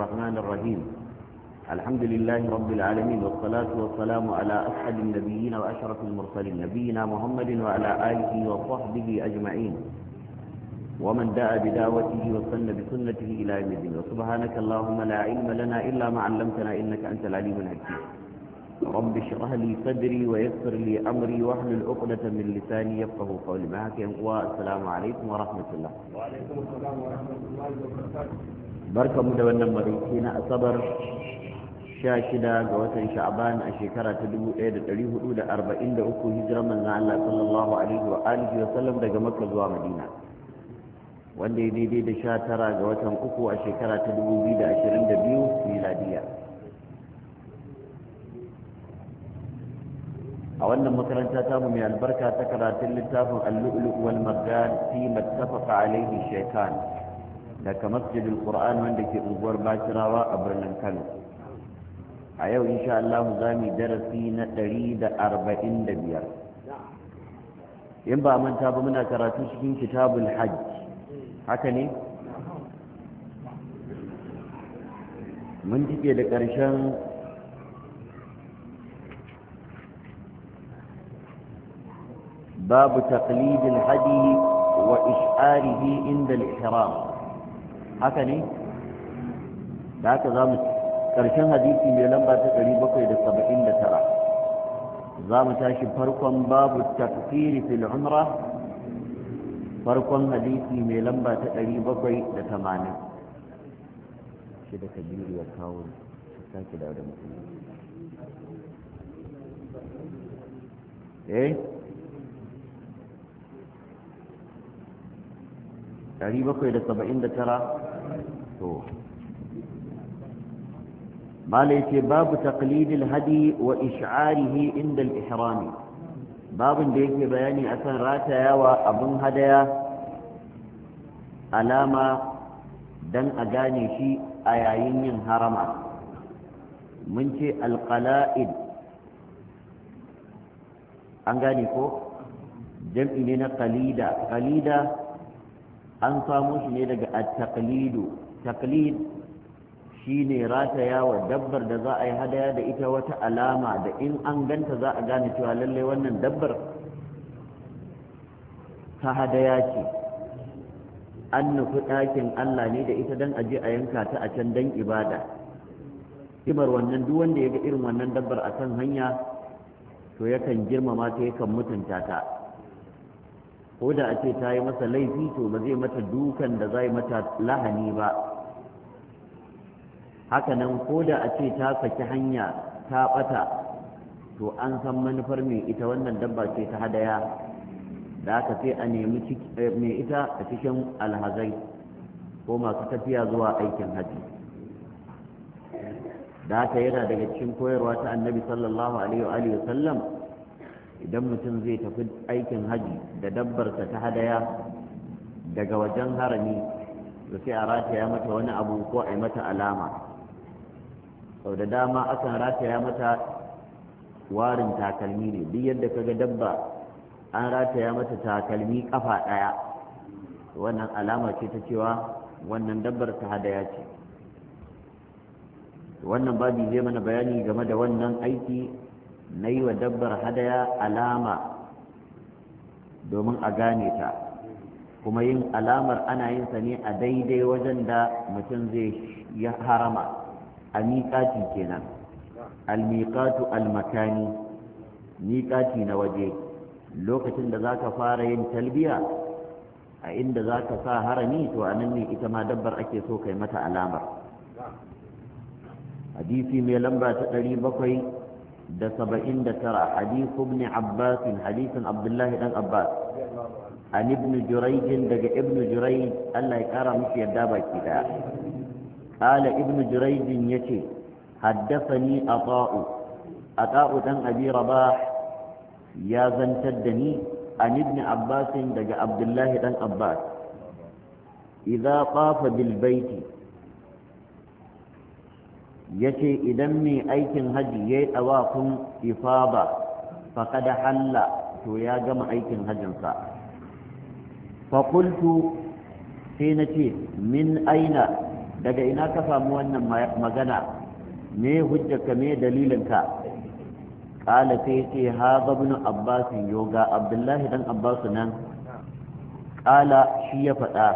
الرحمن الرحيم الحمد لله رب العالمين والصلاة والسلام على أسعد النبيين وأشرف المرسلين نبينا محمد وعلى آله وصحبه أجمعين ومن دعا بدعوته وسن بسنته إلى يوم الدين وسبحانك اللهم لا علم لنا إلا ما علمتنا إنك أنت العليم الحكيم رب اشرح لي صدري ويسر لي أمري واحلل عقدة من لساني يفقه قولي معك والسلام عليكم ورحمة الله وعليكم السلام ورحمة الله وبركاته barka mu da wannan maraice na asabar 16 ga watan sha'aban a shekara ta 1443 hijirar manzan Allah sallallahu alaihi wa alihi wa sallam daga makka zuwa madina wanda ya daidai da 19 ga watan uku a shekara ta 2022 miladiya a wannan makaranta ta mu mai albarka ta karatun littafin al-lu'lu' wal marjan fi mattafaqa alaihi shaytan daga masjidin ƙura'an wanda ke unguwar bashirawa a birnin kano a yau insha Allah za mu darasi na ɗari da arba'in da biyar in ba manta ba muna karatu cikin kitabul hajj haka ne mun jike da ƙarshen babu taqlidil hadi wa ish'arihi inda al-ihram haka ne da aka za mu ƙarshen hadisi mai lamba ta 779 za mu tashi farkon babu takfiri fil umra farkon hadisi mai lamba ta 780 shi da kabiru ya kawo sake da mutum eh 779 to malai ce babu taqlidil hadi wa ish'arihi inda al-ihram babin da yake bayani akan ratayawa abun hadaya alama dan a gane shi a yayin yin harama mun ce alqala'id an gane ko jam'i ne na qalida an samo shi ne daga at-taqlidu taqlid shine rataya wa dabbar da za a yi hadaya da ita wata alama da in an ganta za a gane cewa lalle wannan dabbar ta hadaya ce an nufi ɗakin Allah ne da ita don aje a yanka ta a can dan ibada kibar wannan duk wanda ya ga irin wannan dabbar a kan hanya to yakan girmama ta yakan mutunta ta ko da a ce ta yi masa laifi to ba zai mata dukan da zai mata lahani ba hakanan ko da a ce ta saki hanya ta bata to an san manufar mai ita wannan dabba ce ta hadaya da aka sai a nemi mai eh, ita a cikin alhazai ko masu tafiya zuwa aikin haji da aka yana daga cikin koyarwa ta annabi sallallahu alaihi wa sallam idan mutum zai tafi aikin haji da dabbarsa ta hadaya daga wajen harami da sai a rataya mata wani abu ko a yi mata alama sau da dama akan rataya mata warin takalmi ne duk yadda kaga dabba an rataya mata takalmi kafa ɗaya wannan alama ce ta cewa wannan dabbar ta hadaya ce wannan babi zai mana bayani game da wannan aiki na yi wa dabbar hadaya alama domin a gane ta kuma yin alamar ana yin sa ne a daidai wajen da mutum zai ya harama a miƙati kenan almiƙatu almakani miƙati na waje lokacin da za ka fara yin talbiya a inda za ka sa harami to a nan ne ita ma dabbar ake so kai mata alamar hadisi mai lamba ta 700. da saba'in da tara hadithu ibn abbas hadithun abdullahi dan abbas an ibn jurayj daga ibn jurayj Allah ya kara mishi yadda baki daya qala ibn jurayj yace haddathani ata'u ata'u dan abi rabah ya zantar da ni an ibn abbas daga abdullahi dan abbas idza qafa bil baiti yace idan mai aikin hajji ya yi ɗawafin ifaba kada halla to ya gama aikin hajjinsa fakultu sai na ce min aina daga ina ka samu wannan magana me hujjaka me dalilinka ƙala sai ce ha babin abbasin yoga abdullahi dan abbasu nan ƙala shi ya faɗa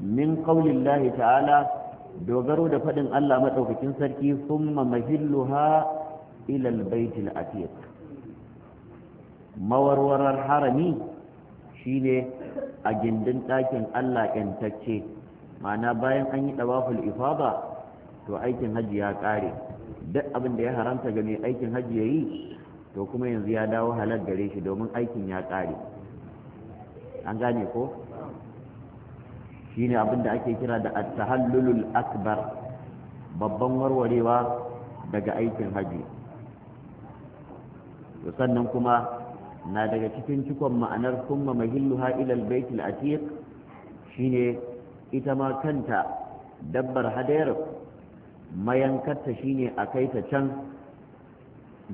min ƙaulillahi ta'ala dogaro da faɗin Allah maɗaukakin sarki summa mahilluha ilal baitil atiq mawarwarar harami shine a gindin ɗakin Allah ƴantacce ma'ana bayan an yi ɗawaful ifada to aikin hajji ya ƙare duk abin da ya haramta ga mai aikin hajji ya yi to kuma yanzu ya dawo halar gare shi domin aikin ya ƙare an gane ko shine abin da ake kira da attahallulul akbar babban warwarewa daga aikin hajji to sannan kuma na daga cikin cikon ma'anar kuma mahilluha ila al-bayt al-atiq shine ita ma kanta dabbar hadayar mayankarta shine a kai ta can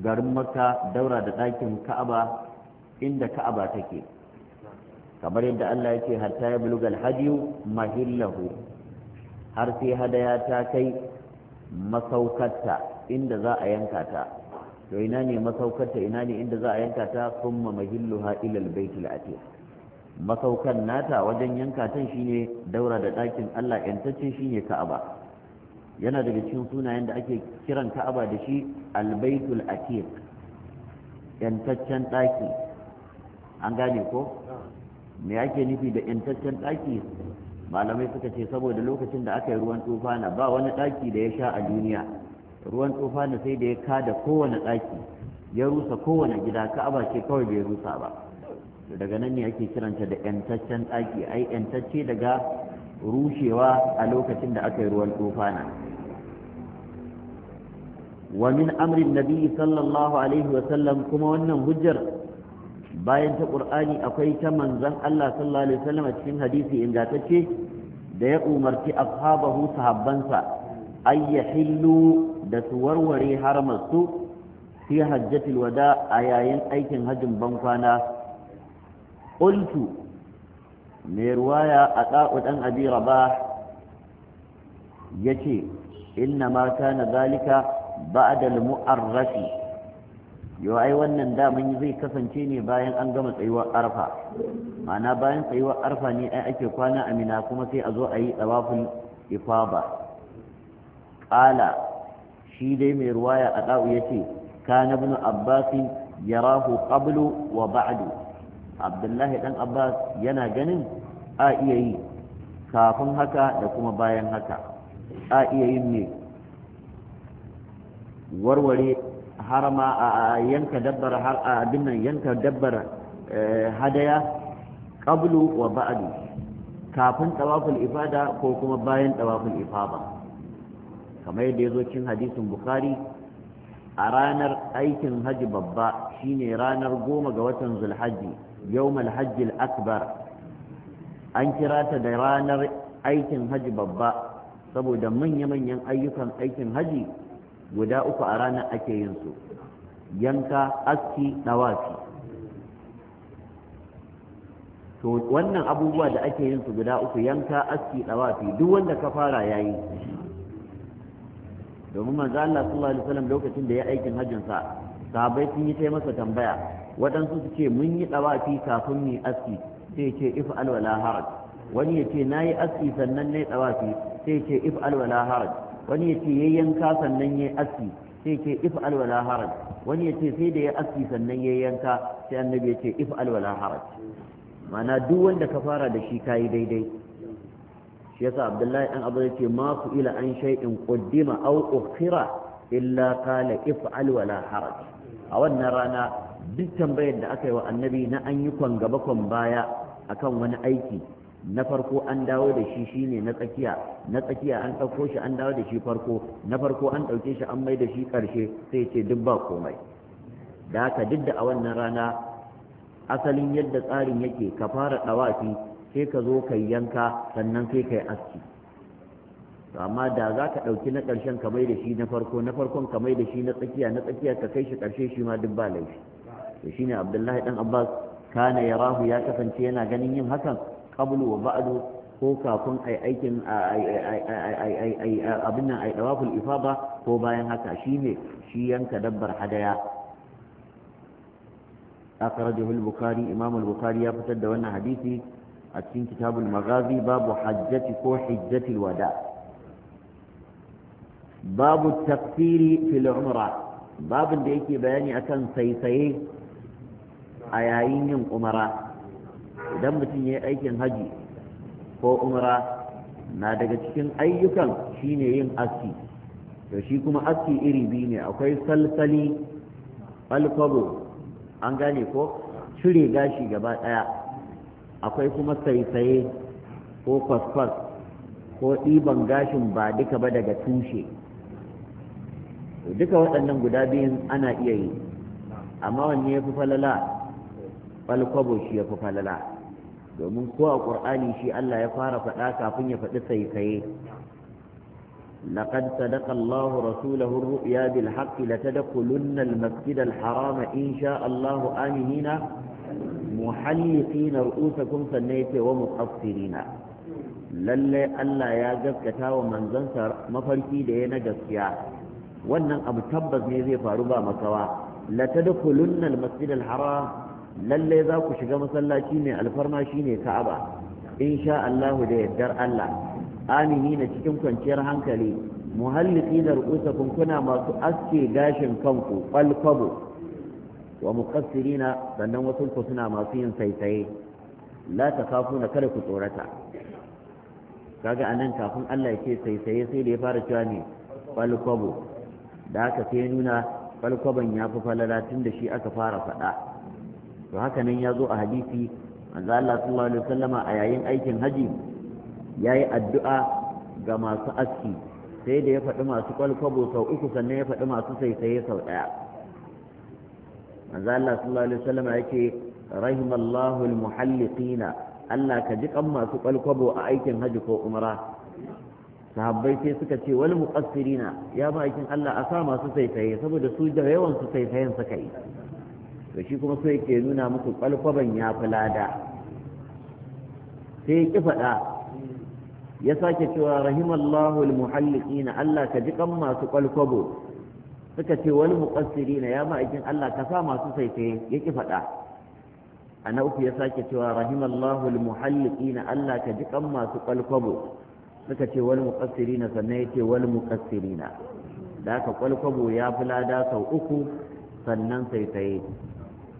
garin makka daura da ɗakin ka'aba inda ka'aba take kamar yadda Allah ya ce hatta ya bulugal hadiyu mahillahu har sai hadaya ta kai masaukarta inda za a yanka ta to ina ne masaukarta ina ne inda za a yanka ta kuma mahilluha ila albaytil atiq masaukan nata wajen yanka ta shine daura da ɗakin Allah yantacce shine Ka'aba yana daga cikin sunayen da ake kiran Ka'aba da shi albaitul atiq yantaccen ɗaki an gane ko me ake nufi da intaccen ɗaki malamai suka ce saboda lokacin da aka yi ruwan tufana ba wani ɗaki da ya sha a duniya ruwan tufana sai da ya kada kowane ɗaki ya rusa kowane gida ka'aba ce kawai bai rusa ba daga nan ne ake kiranta da yantaccen ɗaki ai yantacce daga rushewa a lokacin da aka yi ruwan tufana wa min amrin nabi sallallahu alaihi wa sallam kuma wannan hujjar bayan ta ƙur'ani akwai ta manzan Allah sallallahu alaihi wasallam a cikin hadisi ingantacce da ya umarci ashabahu sahabbansa ay yahillu da su warware haramarsu fi hajjatil wada a yayin aikin hajjin bankwana qultu mai ruwaya a ɗa'u ɗan abi raba ya ce inna ma kana zalika ba'da al-mu'arrafi yau ai wannan daman zai kasance ne bayan an gama tsayuwar arfa ma'ana bayan tsayuwar arfa ne ai ake kwana amina kuma sai a zo a yi tsawafin ifaba ƙala shi dai mai ruwaya a ɗa'u ya ce kana ibn abbas yarahu qablu wa ba'du abdullahi dan abbas yana ganin a iya yi kafin haka da kuma bayan haka a iya yin ne warware harama a yanka dabbar har a dinnan yanka dabbar eh, hadaya qablu wa ba'du kafin tawaful ifada ko kuma bayan tawaful ifada kamar yadda yazo cikin hadisin bukhari a ranar aikin haji babba shine ranar goma ga watan zulhajji yawmal hajji akbar an kira ta da ranar aikin haji babba saboda manya-manyan ayyukan aikin haji guda uku a ranar ake yin su yanka aski dawafi to wannan abubuwa da ake yin su guda uku yanka aski dawafi duk wanda ka fara yayi domin manzo Allah sallallahu alaihi wasallam lokacin da ya aikin hajjin sa sahabbai sun yi sai masa tambaya waɗansu su ce mun yi fi kafin mu aski sai ce if al wala haraj wani ya ce nayi aski sannan ɗawa fi, sai ce if al wala haraj wani ya ce ya yanka sannan ya aski sai ce if alwala haraj wani ya ce sai da ya aski sannan ya yanka sai annabi ya ce if alwala haraj mana duk wanda ka fara da shi kayi daidai shi yasa abdullahi dan abu yace ma su ila an shay'in qaddima aw ukhira illa qala if alwala haraj a wannan rana duk tambayar da aka yi wa annabi na an yi kwan gaba kwan baya akan wani aiki na farko an dawo da shi shine na tsakiya na tsakiya an ɗauko shi an dawo da shi farko na farko an ɗauke shi an mai da shi ƙarshe sai ce duk ba komai da haka duk da a wannan rana asalin yadda tsarin yake ka fara ɗawafi sai ka zo ka yanka sannan sai ka aski to amma da za ka ɗauki na ƙarshen ka mai da shi na farko na farkon ka mai da shi na tsakiya na tsakiya ka kai shi ƙarshe shi ma duk ba laifi to shine abdullahi dan abbas kana yarahu ya kasance yana ganin yin hakan qablu wa ba'du ko kafin ai aikin ai ai ai abin nan ai dawaful ifada ko bayan haka shine shi yanka dabbar hadaya akhrajahu al-bukhari imam al-bukhari ya fitar da wannan hadisi a cikin kitabul magazi babu hajjati ko hijjati wada babu takfiri fil umra babin da yake bayani akan saisaye a yayin yin umara idan mutum ya yi aikin haji ko umra na daga cikin ayyukan shine yin aski to shi kuma aski iri biyu ne akwai salsali alkwabo an gane ko cire gashi gaba ɗaya akwai kuma saisaye ko kwaskwas ko ɗiban gashin ba duka ba daga tushe duka waɗannan guda biyun ana iya yi amma wanne ya fi falala falkwabo shi ya fi falala domin ko a ƙur'ani shi Allah ya fara faɗa kafin ya faɗi saisaye لقد صدق الله رسوله الرؤيا بالحق لتدخلن المسجد الحرام إن شاء الله آمنين محلقين رؤوسكم سنيت ومقصرين lallai Allah ya gaskata wa manzansa mafarki da ya na gaskiya wannan abu tabbas ne zai faru ba makawa la tadkhulunnal masjidal Lallai za ku shiga masallaci mai alfarma shine ka'aba sha Allahu da yardar Allah amini na cikin kwanciyar hankali muhalliki da rukusakum kuna masu aske gashin kanku kwalkwabo wa muqassirina sannan wasu ku suna masu yin saitaye la takafuna kada ku tsorata kaga anan kafin Allah ya ce saitaye sai da ya fara cewa ne kwalkwabo da aka sai nuna kwalkwaban ya fi falala tun da shi aka fara faɗa to haka nan ya zo a hadisi manzo Allah sallallahu alaihi wasallama a yayin aikin haji yayi addu'a ga masu aski sai da ya faɗi masu kwalkwabo sau uku sannan ya faɗi masu saisaye sau ɗaya manzo Allah sallallahu alaihi wasallama yake rahimallahu almuhalliqina Allah ka ji kan masu kwalkwabo a aikin haji ko umra sahabbai sai suka ce wal muqassirina ya ba aikin Allah a sa masu saisaye saboda su da yawan su saisayen suka yi to shi kuma so yake nuna muku kwalkwaban ya fi lada sai ki faɗa ya sake cewa rahimallahu almuhalliqina Allah ka ji kan masu kwalkwabo suka ce wal na ya ma'aikin Allah ka sa masu saife ya ki faɗa a na uku ya sake cewa rahimallahu almuhalliqina Allah ka ji kan masu kwalkwabo suka ce wal na sannan ya ce wal na da aka kwalkwabo ya fi lada sau uku sannan saifaye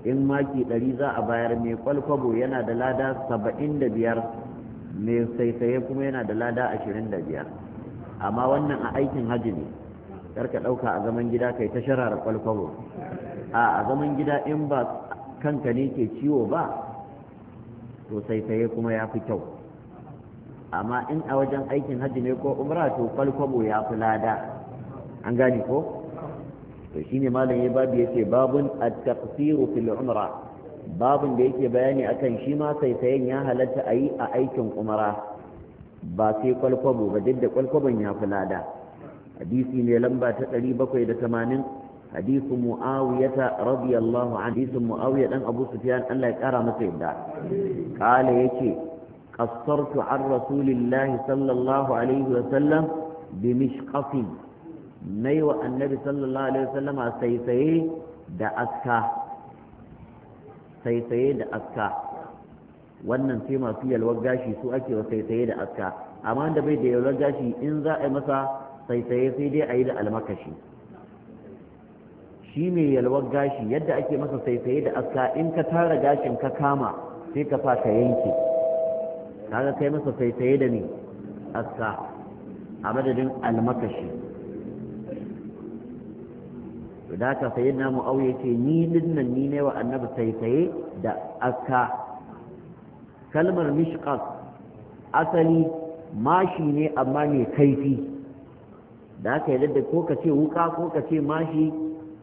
in maki ɗari za a bayar mai kwalkwabo yana da lada saba'in da biyar mai saisaye kuma yana da lada ashirin da biyar amma wannan a aikin hajji ne ka ɗauka a zaman gida kai ta sharar kwalkwabo a a zaman gida in ba kanka ne ke ciwo ba to saisaye kuma ya fi kyau amma in a wajen aikin hajji ne ko umra to kwalkwabo ya fi lada an gane ko to shine malam ya babu yace babun at-taqsiru fil umra babun da yake bayani akan shi ma sai sayan ya halatta ayi a aikin umra ba sai kwalkwabo ba duk da kwalkwabon ya fi hadisi ne lamba ta 780 hadisi mu'awiyata radiyallahu an hadisi mu'awiya dan abu sufyan Allah ya kara masa yadda kala yake qassartu an rasulillahi sallallahu alaihi wa sallam bi mishqatin na yi wa annabi sallallahu alaihi wasallama saisaye da aska saisaye da aska wannan sai masu yalwar gashi su ake wa saisaye da aska amma da bai da yalwar gashi in za a yi masa saisaye sai dai a yi da almakashi shi mai yalwar gashi yadda ake masa saisaye da aska in ka tara gashin ka kama sai ka fa ka yanke kaga kai masa saisaye da ne aska a madadin almakashi da haka sai na aure ce ni dinnan ni ne wa annabi saisaye da aka kalmar mishkas asali mashi ne amma mai kaifi da haka yadda da ko ka ce wuka ko ka ce mashi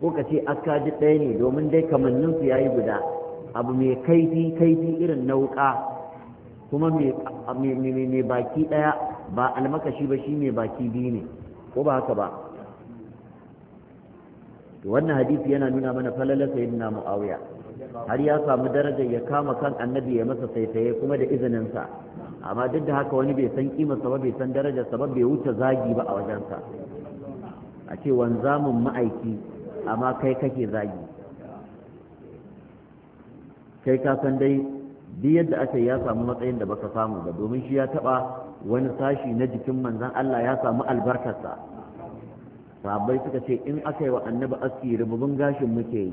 ko ka ce aska ji ɗaya ne domin dai kamannin su yayi guda abu mai kaifi kaifi irin na wuka kuma mai baki ɗaya ba almakashi ba shi mai baki biyu ne ko ba haka ba to wannan hadisi yana nuna mana falalar sayyidina muawiya har ya samu darajar ya kama kan annabi ya masa saitaye kuma da izinin sa amma duk da haka wani bai san kima sa ba bai san darajar sa ba bai wuce zagi ba a wajen sa a ce wanzamin ma'aiki amma kai kake zagi kai ka san dai duk yadda aka ya samu matsayin da baka samu ba domin shi ya taba wani sashi na jikin manzon Allah ya samu albarkarsa sahabbai suka ce in aka yi wa annabi aski rububin gashin muke yi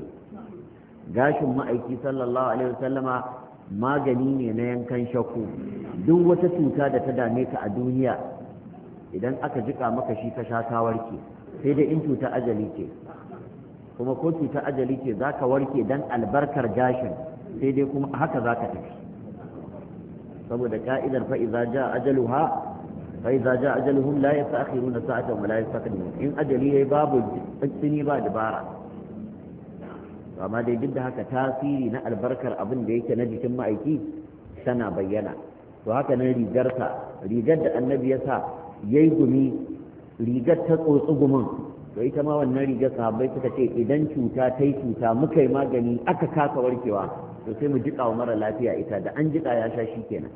gashin ma'aiki sallallahu alaihi wasallama magani ne na yankan shakku duk wata cuta da ta dame ka a duniya idan aka jika maka shi ka sha ka warke sai dai in cuta ajali ce kuma ko cuta ajali ce za ka warke dan albarkar gashin sai dai kuma haka za ka tafi saboda ka'idar fa'iza ja ajaluha فإذا جاء أجلهم لا يتأخرون ساعة ولا يستقدمون إن أجلي باب اجتني بعد بارا amma dai duk da haka tasiri na albarkar abin da yake na jikin ma'aiki tana bayyana to haka nan rigarsa rigar da annabi ya sa ya yi gumi rigar ta tsotsi gumin to ita ma wannan rigar sahabbai suka ce idan cuta ta yi cuta muka yi magani aka kasa warkewa to mu jiƙa wa mara lafiya ita da an jiƙa ya sha shi kenan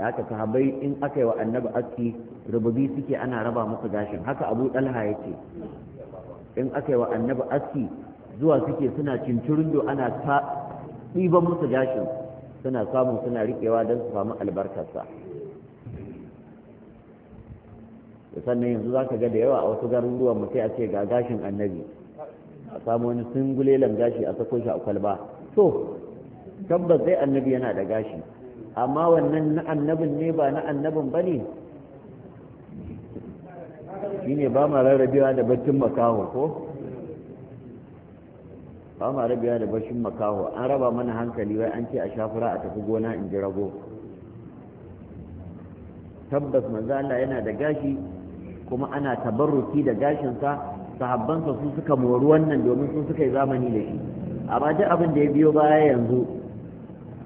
da aka sahabai in aka yi wa annabi aski rububi suke ana raba musu gashin haka abu dalha ya ce in aka yi wa annabi aski zuwa suke suna da ana ta ɗiban musu gashin suna samu suna riƙewa don su samu albarkarsa sannan yanzu za ka ga da yawa a wasu garuruwan mu sai a ce ga gashin annabi a samu wani singulelan gashi a sako shi a kwalba to tabbas dai annabi yana da gashi amma wannan na annabin ne ba na annabin ba ne shi ne ba mara rarrabewa da baccin makaho ko ba mara rabewa da bashin makaho an raba mana hankali wai an ce a shafura a tafi gona in ji rago tabbas manzo Allah yana da gashi kuma ana tabarruki da gashinsa sahabbansa su suka mori wannan domin su suka yi zamani da shi amma duk abin da ya biyo baya yanzu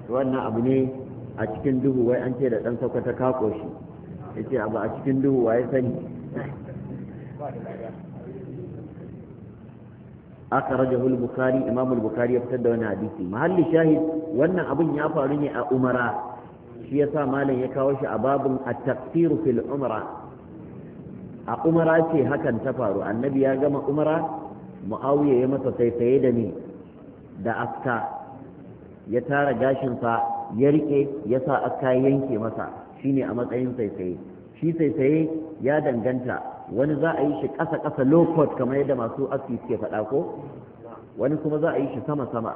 wannan abu ne a cikin duhu wai an ce da ɗan sakwata ka koshi ya ce abu a cikin duhu waye sani aka raja bukari imamul bukari ya fitar da wani hadisi mahalli shahid wannan abin ya faru ne a umara shi yasa malam ya kawo shi a babin a taqsir fil a umara ce hakan ta faru annabi ya gama umara muawiya ya masa saisaye da ni da aska ya tara gashinsa ya rike ya sa aka yanke masa shine a matsayin saisaye shi saisaye ya danganta wani za a yi shi ƙasa ƙasa low kamar yadda masu aski suke faɗa ko wani kuma za a yi shi sama sama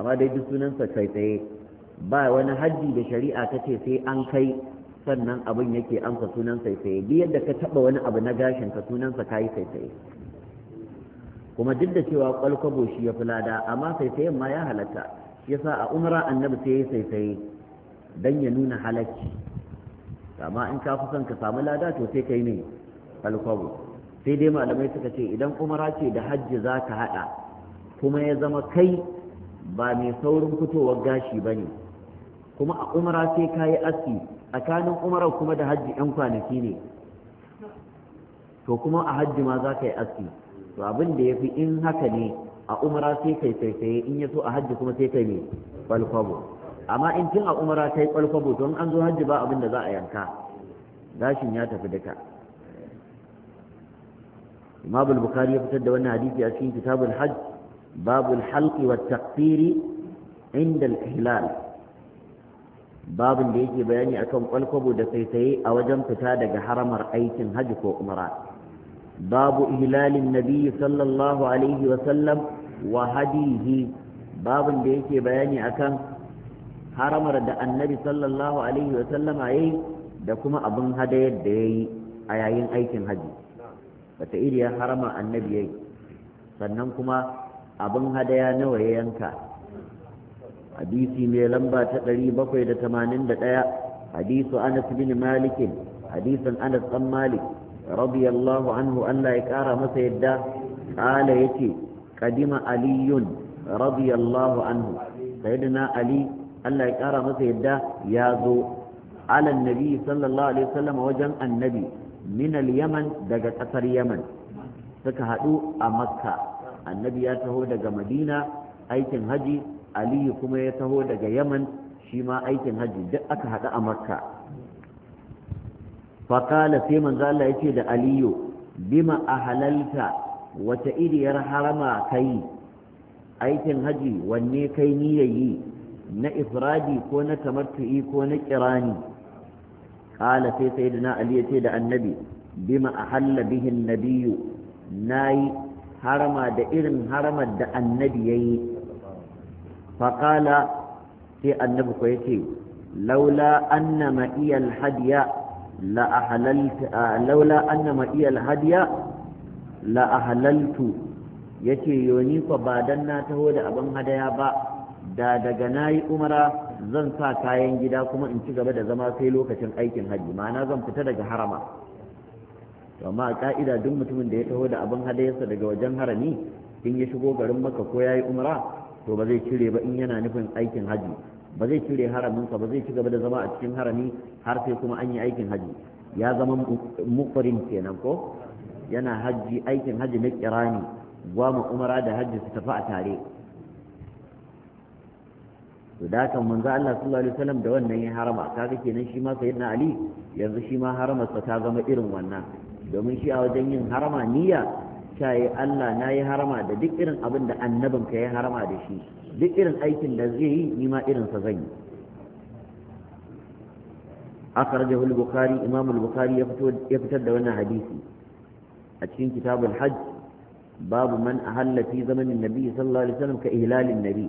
amma dai duk sunansa saisaye ba wani hajji da shari'a ta ce sai an kai sannan abin yake amsa sunan saisaye duk yadda ka taba wani abu na gashin ka sunansa kayi saisaye kuma duk da cewa kwalkwabo shi ya fi lada amma saisayen ma ya halatta yasa a umra annabi sai ya saisaye dan ya nuna halacci amma in ka fi son ka samu lada to sai kai ne alkwabo sai dai malamai suka ce idan umara ce da hajji za ka haɗa kuma ya zama kai ba mai saurin fitowar gashi ba ne kuma a umra sai ka yi aski tsakanin umarar kuma da hajji 'yan kwanaki ne to kuma a hajji ma za ka yi aski to abin da ya fi in haka ne a umara sai kai sai in ya so a hajji kuma sai kai ne kwalkwabo amma in tun a umara kai kwalkwabo don an zo hajji ba abin da za a yanka gashin ya tafi duka imam bukhari ya fitar da wannan hadisi a cikin kitabul hajj babul halqi wa taqsiri inda al-ihlal babin da yake bayani akan kwalkwabo da saisaye a wajen fita daga haramar aikin hajji ko umara باب إهلال النبي صلى الله عليه وسلم وهديه باب ديك بياني أكن حرم رد النبي صلى الله عليه وسلم أي دكما أبن هدي دي أيين أيكن هدي فتئير يا حرم النبي أي سننكما abin hadaya nawa ya yanka hadisi mai lamba ta 781 hadisu anas bin malikin hadisin anas dan malik radiyallahu anhu Allah ya kara masa yadda qala yace kadima aliyun radiyallahu anhu sayyidina ali Allah ya kara masa yadda ya zo ala annabi sallallahu alaihi wasallam wajen annabi minal yaman daga ƙasar yaman suka hadu a makka annabi ya taho daga madina aikin hajji aliyu kuma ya taho daga yaman shi ma aikin hajji duk aka hadu a makka faƙala sai manzo Allah ya ce da aliyu bima a halalta wata iriyar harama kai aikin haji wanne kai niyayi na ifradi ko na tamattu'i ko na kirani ƙala sai sayyidina ali ya ce da annabi bima a halla bihin nabiyu nayi harama da irin haramar da annabi yayi faƙala sai annabi ko ya ce laula anna ma'iyal hadiya la ahlaltu laula anna ma iya la yace yoni fa ba dan na taho da abin hadaya ba da daga nayi umara zan sa kayan gida kuma in ci gaba da zama sai lokacin aikin hajji ma'ana zan fita daga harama to amma ka'ida duk mutumin da ya taho da abin hadayarsa daga wajen harami in ya shigo garin maka ko yayi umara to ba zai cire ba in yana nufin aikin hajji ba zai cire haraminsa ba zai ci gaba da zama a cikin harami har sai kuma an yi aikin haji ya zama mukurin kenan ko yana haji aikin haji na kirani gwama umara da haji su tafi a tare to da kan manzo Allah sallallahu alaihi wasallam da wannan ya harama kaga kenan shi ma sayyidina Ali yanzu shi ma haramarsa ta zama irin wannan domin shi a wajen yin harama niyya ta Allah na yi harama da duk irin abin da annabinka ya harama da shi duk irin aikin da zai yi ni ma irinsa zan yi akhrajahu al-bukhari imam al ya fitar da wannan hadisi a cikin kitabul hajj babu man a fi zamanin nabi sallallahu alaihi wasallam ka ihlalin nabi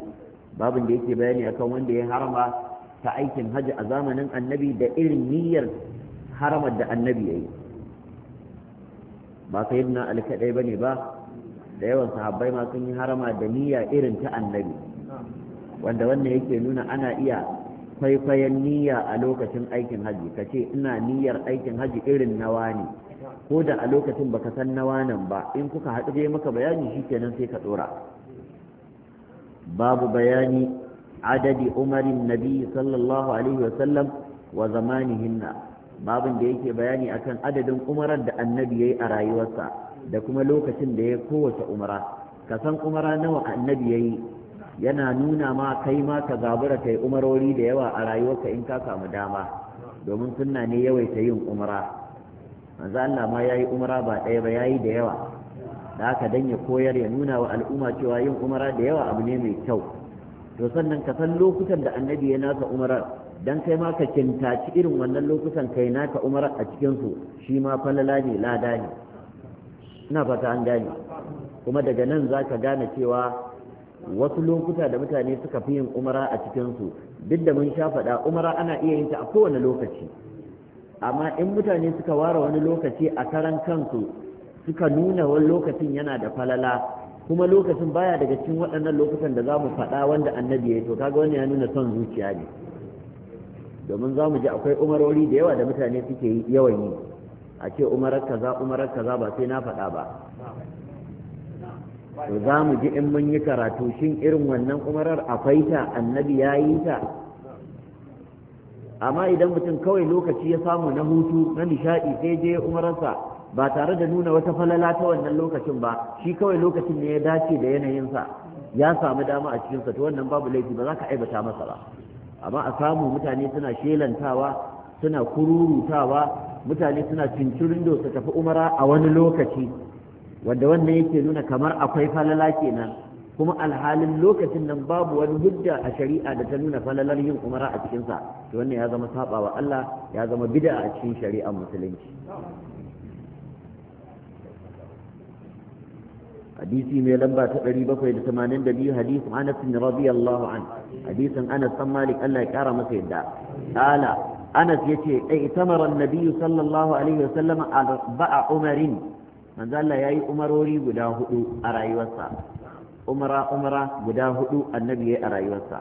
babin da yake bayani akan wanda ya harama ta aikin hajji a zamanin annabi da irin niyyar haramar da annabi yayi ba na al-kadai bane ba da yawan sahabbai ma sun yi harama da niyya irin ta annabi wanda wannan yake nuna ana iya kwaikwayon niyya a lokacin aikin haji ka ce ina niyyar aikin haji irin nawa ne ko da a lokacin baka san nawa nan ba in kuka haɗu dai maka bayani shi kenan sai ka tsora. babu bayani adadi umarin nabi sallallahu alaihi wasallam wa zamanihinna babin da yake bayani akan adadin umarar da annabi yayi a rayuwarsa da kuma lokacin da ya kowace umara ka san umara nawa annabi yayi yana nuna ma kai ma ka gabura kai umarori da yawa a rayuwarka in ka samu dama domin sunna ne yawaita yin umara manzo Allah ma yayi umara ba ɗaya ba yayi da yawa da haka dan ya koyar ya nuna wa al'umma cewa yin umara da yawa abu ne mai kyau to sannan ka san lokutan da annabi ya nasa umarar dan kai ma ka kintaci irin wannan lokutan kai naka umarar a cikin su shi ma falala ne lada ne ina fata an gane kuma daga nan zaka gane cewa wasu lokuta da mutane suka fi yin umara a cikinsu duk da mun sha faɗa umara ana iya yin ta a kowane lokaci amma in mutane suka ware wani lokaci a karan kansu suka nuna wani lokacin yana da falala kuma lokacin baya daga cikin waɗannan lokutan da za mu faɗa wanda annabi ya yi to kaga wani ya nuna son zuciya ne domin za mu ji akwai umarori da yawa da mutane suke yawan yi a ce umarar kaza umarar kaza ba sai na faɗa ba to za mu ji in mun yi karatu shin irin wannan umarar akwai ta annabi ya yi ta amma idan mutum kawai lokaci ya samu na hutu na nishaɗi sai je umararsa ba tare da nuna wata falala ta wannan lokacin ba shi kawai lokacin ne ya dace da yanayinsa ya samu dama a cikinsa to wannan babu laifi ba za ka aibata masa ba amma a samu mutane suna shelantawa suna kururutawa mutane suna cincirindo su tafi umara a wani lokaci wanda wannan yake nuna kamar akwai falala kenan kuma alhalin lokacin nan babu wani hujja a shari'a da ta nuna falalar yin umara a cikinsa to wannan ya zama saba wa Allah ya zama bid'a a cikin shari'ar musulunci hadisi mai lamba ta 782 hadisin Anas bin radiyallahu an hadisin Anas bin Malik Allah ya kara masa yadda qala Anas yace ai tamara annabi sallallahu alaihi wasallam ba'a umarin manzo Allah yayi umarori guda hudu a rayuwarsa umara umara guda hudu annabi yayi a rayuwarsa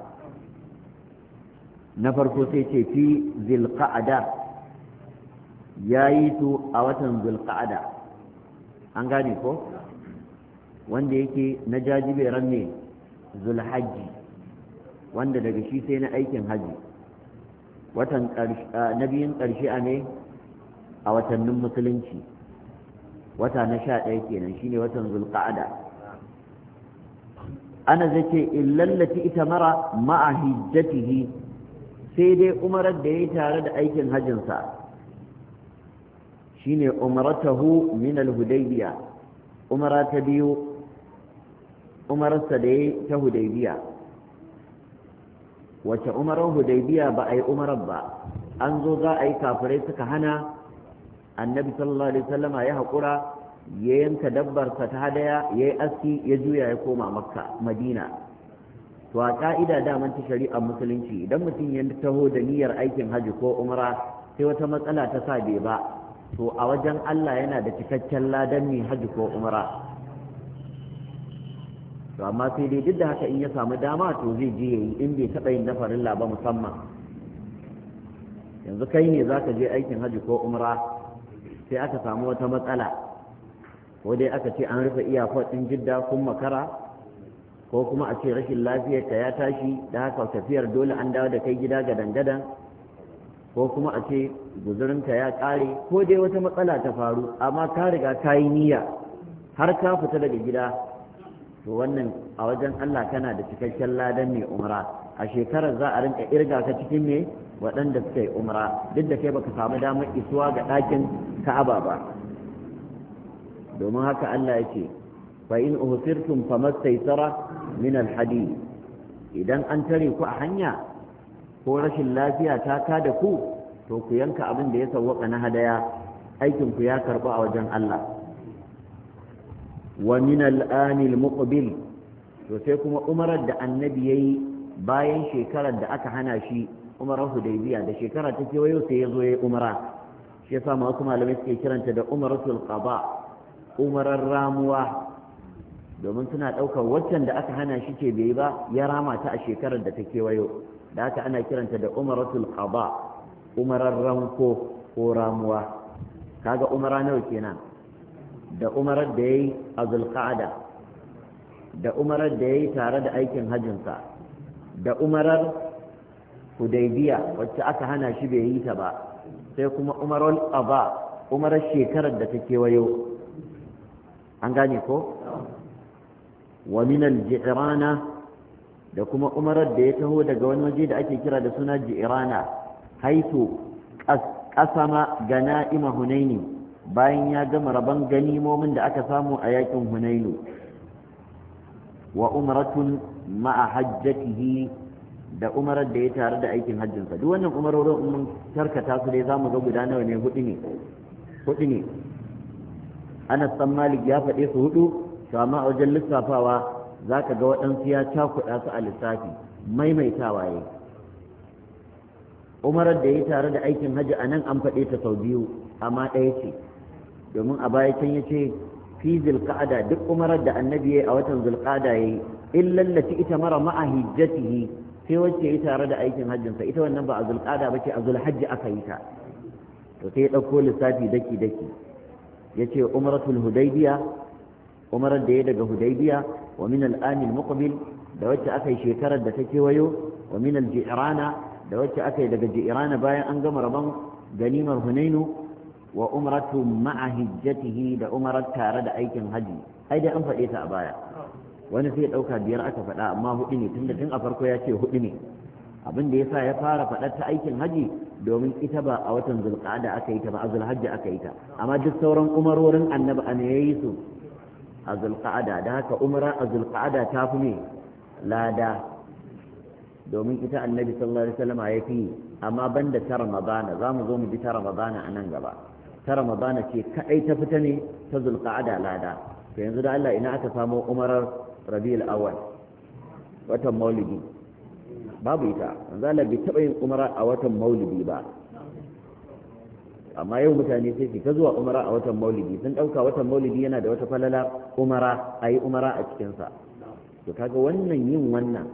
na farko sai ce fi zilqa'ada yayi to a watan zilqa'ada an gane ko wanda yake na jajiberan ne zulhajji wanda daga shi sai na aikin haji watan na biyun ƙarshe a ne a watannin musulunci wata na sha ɗaya kenan shine watan zulqa'ada ana zace illallati ita mara ma'a hijjatihi sai dai umarar da yayi tare da aikin hajjinsa shine umratahu min al-hudaybiya umara ta biyu umararsa da yayi ta hudaybiya wace umarar hudaybiya ba a yi umarar ba an zo za a yi kafirai suka hana annabi sallallahu alaihi wasallam ya haƙura ya yanka dabbar sa ta hadaya ya yi aski ya juya ya koma makka madina to a ka'ida da ta shari'ar musulunci idan mutum ya taho da niyyar aikin hajji ko umra sai wata matsala ta sa bai ba to a wajen Allah yana da cikakken ladan ne hajji ko umra to amma sai dai duk da haka in ya samu dama to zai je yayi in bai taɓa yin nafarin ba musamman yanzu kai ne zaka je aikin hajji ko umra sai aka samu wata matsala ko dai aka ce an rufe iyakar ɗin jidda kun makara ko kuma a ce rashin lafiyar ka ya tashi da haka tafiyar dole an dawo da kai gida gadan-gadan ko kuma a ce guzurinka ya ƙare ko dai wata matsala ta faru amma ka riga ka yi niyya har ka fita daga gida to wannan a wajen Allah kana da cikakken ladan mai umra a shekarar za a rinka irga ka cikin me waɗanda suka yi umra duk da kai baka samu damar isuwa ga ɗakin ka'aba ba domin haka Allah ya ce fa in uhsirtum famastaysara min alhadid idan an tare ku a hanya ko rashin lafiya ta kada ku to ku yanka abin da ya sawwaka na hadaya aikin ku ya karɓu a wajen Allah wa min al'anil muqbil to sai kuma umarar da annabi yayi bayan shekarar da aka hana shi umarar hudaybiya da shekara ta kewayo sai ya zo ya umara shi yasa wasu malamai suke kiranta da umaratul qada umarar ramuwa domin suna ɗaukar waccan da aka hana shi ce bai ba ya rama ta a shekarar da ta kewayo da aka ana kiranta da umaratul qada umarar ranko ko ramuwa kaga umara nawa kenan da umarar da yayi a zulqa'ada da umarar da yayi tare da aikin hajjinsa da umarar hudaybiya wacce aka hana shi bai yi ta ba sai kuma umarar aba umarar shekarar da ta kewayo an gane ko wa min al da kuma umarar da ya taho daga wani waje da ake kira da suna ji'rana haitu qasama gana'ima hunaini bayan ya gama rabon ganimomin da aka samu a yakin hunainu wa umaratun ma'a hajjatihi da umarar da ya tare da aikin hajjinsa duk wannan umarorin mun tarkata su dai zamu ga guda nawa ne hudu ne hudu ne Anas san Malik ya faɗe su hudu to amma a wajen lissafawa zaka ga waɗansu ya cakuɗa su a lissafi maimaitawa ya umarar da ya tare da aikin hajji a nan an faɗe ta sau biyu amma ɗaya ce domin a baya can ya ce fi zulqa'ada duk umarar da annabi yi a watan yi yayi illa ita mara ma'a hijjatihi sai wacce yi tare da aikin hajjin sa ita wannan ba a ba bace a zulhajji aka yi ta to sai ya dauko lissafi daki daki yace umratul hudaybiya umarar da ya daga hudaybiya wa min al-an al-muqbil da wacce aka yi shekarar da ta kewayo wa min al-ji'rana da wacce aka yi daga ji'rana bayan an gama rabon ganimar hunainu wa umaratu ma'a hijjatihi da umrar tare da aikin haji ai dai an faɗe ta a baya wani sai ɗauka biyar aka faɗa amma hudu ne tunda tun a farko ya ce hudu ne abin da sa ya fara faɗar ta aikin haji domin ita ba a watan zulqa'ada aka yi ta ba a zulhajji aka yi ta amma duk sauran umarorin annabi an yi su a zulqa'ada da haka umara a zulqa'ada ta fi ne lada domin ita annabi sallallahu alaihi wasallam ya fi amma banda ta ramadana za mu zo mu bi ta ramadana a nan gaba ta ramadana ce kadai ta fita ne ta zulqa'ada lada to yanzu da Allah ina aka samo umarar rabiul awal watan maulidi babu ita yanzu Allah bai taba yin umara a watan maulidi ba amma yau mutane sai su zuwa umara a watan maulidi sun dauka watan maulidi yana da wata falala umara ayi umara a cikinsa sa to kaga wannan yin wannan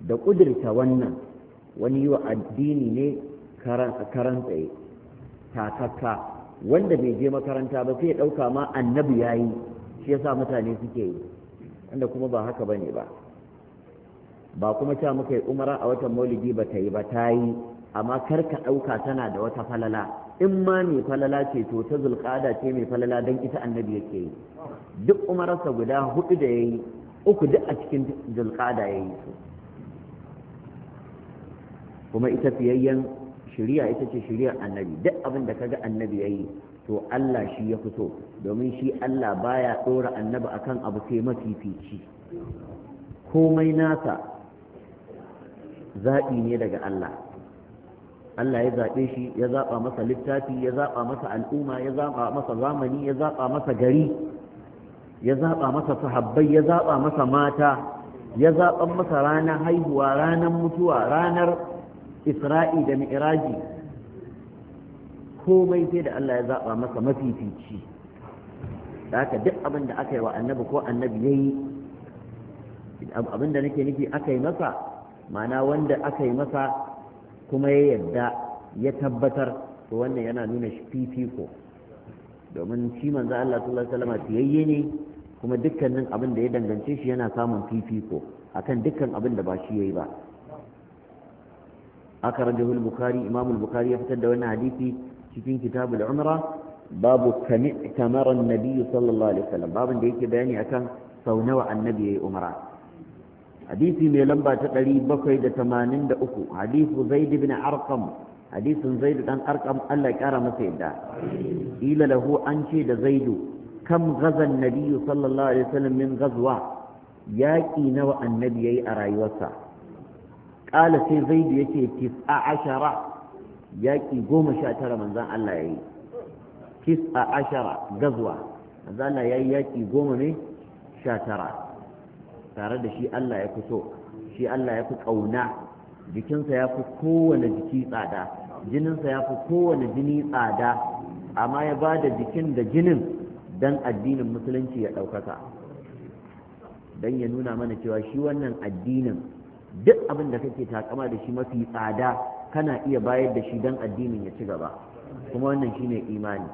da kudirta wannan wani yi addini ne karan tsaye takakka wanda bai je makaranta ba sai ya ɗauka ma annabi ya yi shi yasa mutane suke yi wanda kuma ba haka bane ba ba kuma ta muka yi umara a watan maulidi ba ta yi ba tayi yi amma kar ka ɗauka tana da wata falala in ma mai falala ce to ta zulƙada ce mai falala don ita annabi yake yi duk umararsa guda hudu da ya yi uku duk a cikin zulƙada ya yi kuma ita fiyayyen shari'a ita ce shari'ar annabi duk abin da kaga annabi yayi to Allah shi ya fito domin shi Allah baya dora annabi akan abu sai mafifici komai nasa zaɓi ne daga Allah Allah ya zaɓe shi ya zaɓa masa littafi ya zaɓa masa al'umma ya zaɓa masa zamani ya zaɓa masa gari ya zaɓa masa sahabbai ya zaɓa masa mata ya zaɓa masa ranar haihuwa ranar mutuwa ranar isra'i da mi'raji komai sai da Allah ya zaba masa mafifici da haka duk abin da aka yi wa annabi ko annabi ya yi abin da nake nufi aka yi masa mana wanda aka yi masa kuma ya yadda ya tabbatar to wannan yana nuna fifiko domin shi manzo Allah sallallahu alaihi wasallam tiyayye ne kuma dukkanin abin da ya dangance shi yana samun fifiko akan dukkan abin da ba shi yayi ba akhrajahu al-bukhari imam al-bukhari ya fitar da wannan hadisi cikin kitabul umra babu kamar annabi sallallahu alaihi wasallam babin da yake bayani akan sau nawa annabi yayi umra hadisi mai lamba ta 783 hadisu zaid ibn arqam hadisin zaid dan arqam Allah ya kara masa yadda ila lahu an ce da zaidu kam ghazan nabi sallallahu alaihi wasallam min ghazwa yaqi nawa annabi yayi a rayuwarsa ƙala sai da yake tis'a ashara yaƙi goma sha tara manzan Allah ya yi tis'a ashara gazuwa manzan Allah ya yi yaƙi goma ne sha tara tare da shi Allah ya fi so shi Allah ya fi ƙauna jikinsa ya fi kowane jiki tsada jininsa ya fi kowane jini tsada amma ya ba da jikin da jinin don addinin musulunci ya ɗaukaka don ya nuna mana cewa shi wannan addinin duk abin da kake takama da shi mafi tsada kana iya bayar da shi don addinin ya ci gaba kuma wannan shi ne imani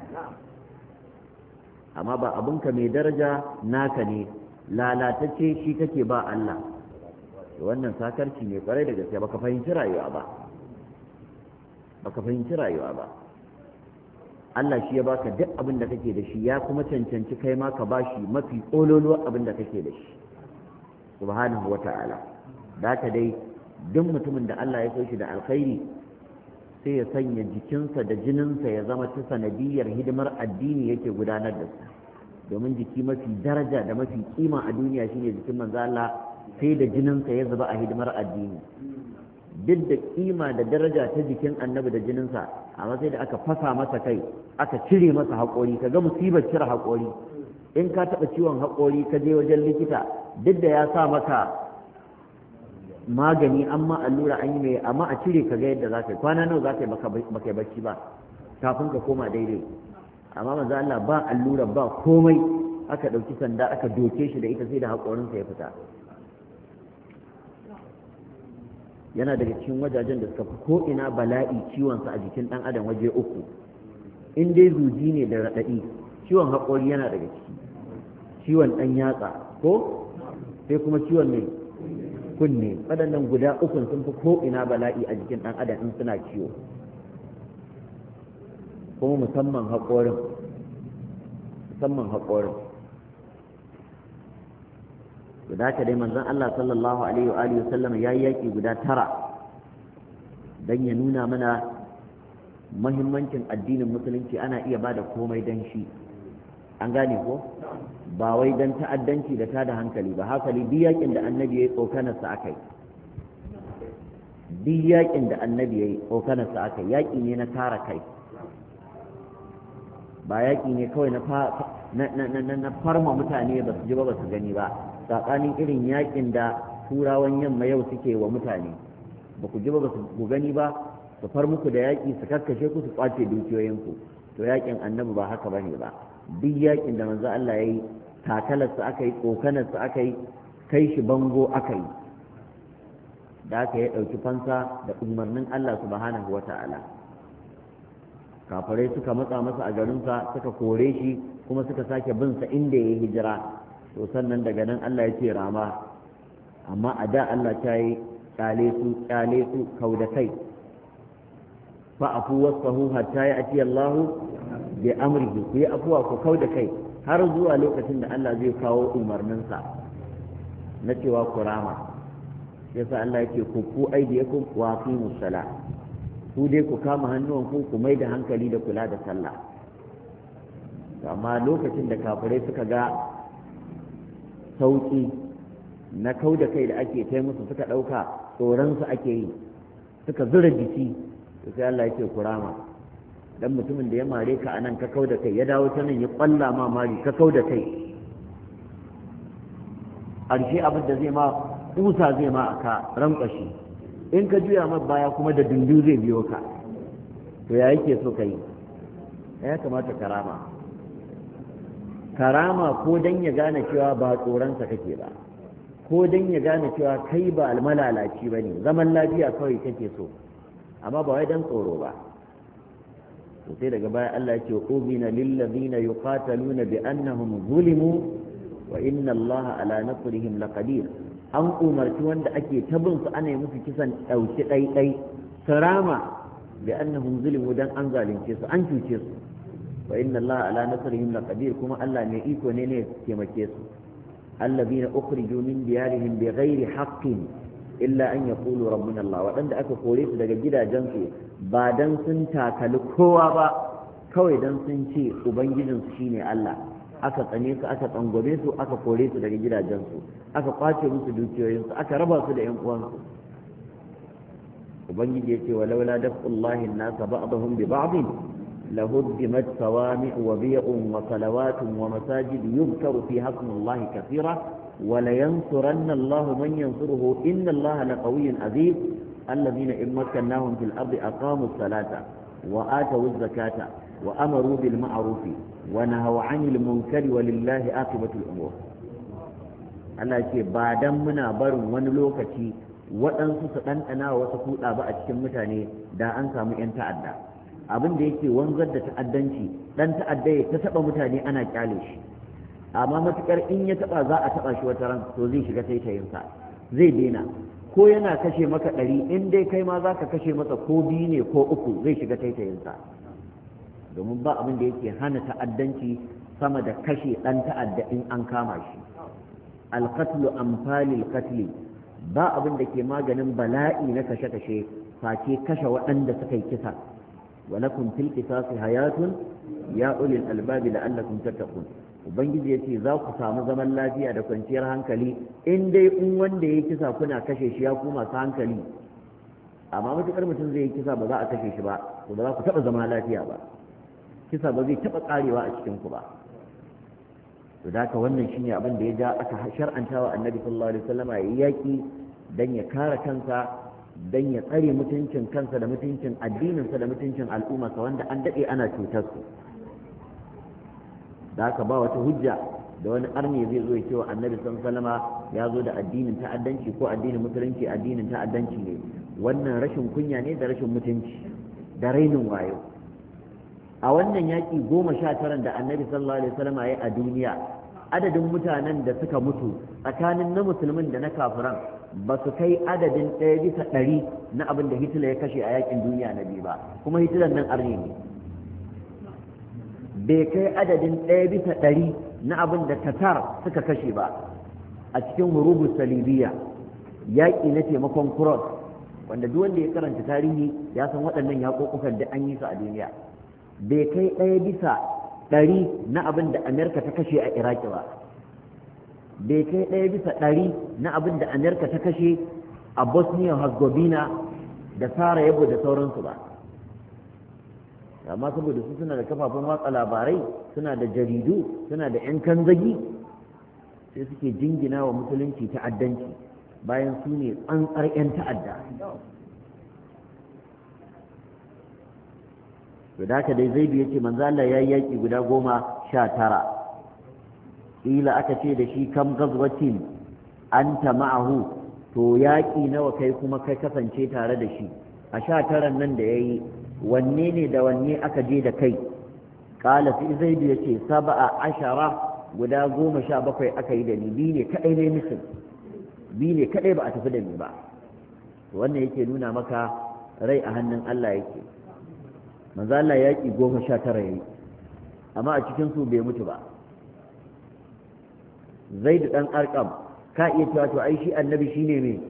amma ba abinka mai daraja naka ne lalatacce shi kake ba Allah wannan sakarci ne kwarai da gaske baka fahimci rayuwa ba baka fahimci rayuwa ba Allah shi ya baka duk abin da kake da shi ya kuma cancanci kai ma ka bashi mafi ƙololuwa abin da kake da shi subhanahu wata'ala da ka dai duk mutumin da Allah ya so shi da alkhairi sai ya sanya jikinsa da jininsa ya zama ta sanadiyar hidimar addini yake gudanar da su domin jiki mafi daraja da mafi kima a duniya shine jikin manzo Allah sai da jininsa ya zuba a hidimar addini duk da kima da daraja ta jikin annabi da jininsa amma sai da aka fasa masa kai aka cire masa haƙori kaga musibar cire haƙori in ka taɓa ciwon haƙori ka je wajen likita duk da ya sa maka magani amma allura an yi mai amma a cire ka ga yadda za ka yi kwana nawa za ka yi baka bacci ba kafin ka koma daidai amma manzo Allah ba allura ba komai aka ɗauki sanda aka doke shi da ita sai da haƙorinsa ya fita yana daga cikin wajajen da suka fi ko ina bala'i ciwon sa a jikin ɗan adam waje uku in dai zuji ne da radadi ciwon haƙori yana daga ciki ciwon ɗan yatsa ko sai kuma ciwon mai kunne waɗannan guda ukun sun fi ko'ina bala'i a jikin ɗan adam in suna ciwo kuma musamman haƙorin musamman haƙorin guda ka dai manzon Allah sallallahu alaihi wa alihi sallam ya yi yaƙi guda tara don ya nuna mana muhimmancin addinin musulunci ana iya bada komai don shi an gane ko ba wai don ta'addanci da ta da hankali ba hankali duk yakin da annabi ya yi tsokanarsa aka yi duk yakin da annabi ya yi tsokanarsa aka yi yaƙi ne na tara kai ba yaƙi ne kawai na farma mutane ba su ji ba ba su gani ba tsakanin irin yaƙin da turawan yamma yau suke wa mutane ba ku ji ba ba su gani ba su far muku da yaƙi su kakkashe ku su kwace dukiyoyinku to yaƙin annabi ba haka bane ba duk yakin da manzo Allah ya yi takalarsa aka yi kokanarsa aka yi kai shi bango aka yi da aka ya ɗauki fansa da umarnin Allah subhanahu wa ta'ala kafirai suka matsa masa a garinsa suka kore shi kuma suka sake bin sa inda ya yi hijira to sannan daga nan Allah ya ce rama amma a da Allah ta yi kyale su kyale su kau da kai fa afu wasahu hatta ya ati Allah bi amrihi ku yi afuwa ku kau da kai har zuwa lokacin da Allah zai kawo umarninsa na cewa kurama rama yasa Allah yake ku ku aidiyakum wa fi musalla ku dai ku kama hannuwan ku mai da hankali da kula da sallah amma lokacin da kafirai suka ga sauki na kau da kai da ake kai musu suka ɗauka su ake yi suka zura jiki sai Allah yake kurama dan mutumin da ya mare ka anan ka kau da kai ya dawo ta nan ya kwalla ma mari ka kau da kai ƙarshe abin da zai ma kusa zai ma a ka rankwashi in ka juya ma baya kuma da dundu zai biyo ka to ya yake so ka yi ya kamata karama karama ko dan ya gane cewa ba tsoronsa kake ba ko dan ya gane cewa kai ba almalalaci ba ne zaman lafiya kawai kake so amma ba wai dan tsoro ba to sai daga baya Allah ya ce ubina lil ladina yuqataluna bi annahum zulimu wa inna Allah ala nasrihim laqadir an umarci wanda ake tabin su ana musu kisan dauki dai dai sarama bi annahum zulimu dan an zalunce su an cuce su wa inna Allah ala nasrihim laqadir kuma Allah ne iko ne ne taimake su الذين أخرجوا من ديارهم بغير حق إلا أن يقولوا ربنا الله وعند أكو قوليس دقا جدا جنسي ba dan sun takali kowa ba kawai dan sun ce ubangijinsu ne Allah aka tsane su aka tsangwame su aka kore su daga gidajensu aka kwace musu dukiyoyinsu aka raba su da 'yan uwansu ubangiji yace walaula daf'ullahi an-nasa ba'dahum bi ba'din lahuddimat sawami' wa bi'un wa salawatun wa masajid yuzkaru fiha ismullahi kathira wa la yansuranna Allahu man yansuruhu inna Allaha laqawiyyun aziz allazina in makkannahum fil ardi aqamu salata wa atu zakata wa amaru bil ma'ruf wa nahaw 'anil munkari walillahi Allah ce ba dan muna barin wani lokaci waɗansu su ɗanɗana wasu kuɗa ba a cikin mutane da an samu 'yan ta'adda abin da yake wanzar da ta'addanci ɗan ta'adda ya ta taɓa mutane ana kyale shi amma matuƙar in ya taɓa za a taɓa shi wata ran to zai shiga sai ta zai daina ko yana kashe maka ɗari in dai kai ma za ka kashe masa ko biyu ne ko uku zai shiga taitayinsa domin ba abin da yake hana ta'addanci sama da kashe ɗan ta'adda in an kama shi alkatlu amfalil katli ba abin da ke maganin bala'i na kashe-kashe face kashe waɗanda suka yi kisa walakum fil qisasi hayatun ya ulil albabi la'allakum tattaqun ubangiji ya ce za ku samu zaman lafiya da kwanciyar hankali in dai in wanda ya kisa kuna kashe shi ya kuma masu hankali amma matuƙar mutum zai yi kisa ba za a kashe shi ba ko ba za ku taɓa zama lafiya ba kisa ba zai taɓa ƙarewa a cikin ku ba to da wannan shine abin da ya ja aka shar'anta wa annabi sallallahu alaihi wasallama ya yi yaƙi dan ya kare kansa dan ya tsare mutuncin kansa da mutuncin addininsa da mutuncin al'ummarsa wanda an daɗe ana cutar su da aka ba wata hujja da wani arne zai zo ya cewa annabi san salama ya zo da addinin ta'addanci ko addinin musulunci addinin ta'addanci ne wannan rashin kunya ne da rashin mutunci da rainin wayo a wannan yaki goma sha taran da annabi sallallahu alaihi wasallam ya a duniya adadin mutanen da suka mutu tsakanin na musulmin da na kafiran ba su kai adadin ɗaya bisa ɗari na abin da hitler ya kashe a yakin duniya na biyu ba kuma hitler nan arne ne bai kai adadin ɗaya bisa ɗari na abin da tatar suka kashe ba a cikin hurubu salibiya yaƙi na taimakon cross wanda duk wanda ya karanta tarihi ya san waɗannan yaƙoƙukan da an yi su a duniya bai kai ɗaya bisa ɗari na abin da amerika ta kashe a iraki ba bai kai ɗaya bisa ɗari na abin da amerika ta kashe a bosnia herzegovina da sarajevo da sauransu ba amma saboda su suna da kafafen watsa labarai suna da jaridu suna da 'yan kanzagi sai suke jingina wa musulunci ta'addanci bayan su ne tsantsar 'yan ta'adda to da haka dai zai biya ce manzala ya yi yaƙi guda goma sha tara ƙila aka ce da shi kam gazwatin ta ma'ahu to yaƙi nawa kai kuma kai kasance tare da shi a sha taran nan da ya yi wanne ne da wanne aka je da kai kala sai zaidu ya ce saba'a ashara guda goma sha bakwai aka yi da ni bi ne kaɗai ne mutum bi ne kaɗai ba a tafi da ni ba wannan yake nuna maka rai a hannun Allah yake manzo Allah yaƙi goma sha tara yayi amma a cikin su bai mutu ba zaidu dan arqam ka iya cewa to ai shi annabi shine me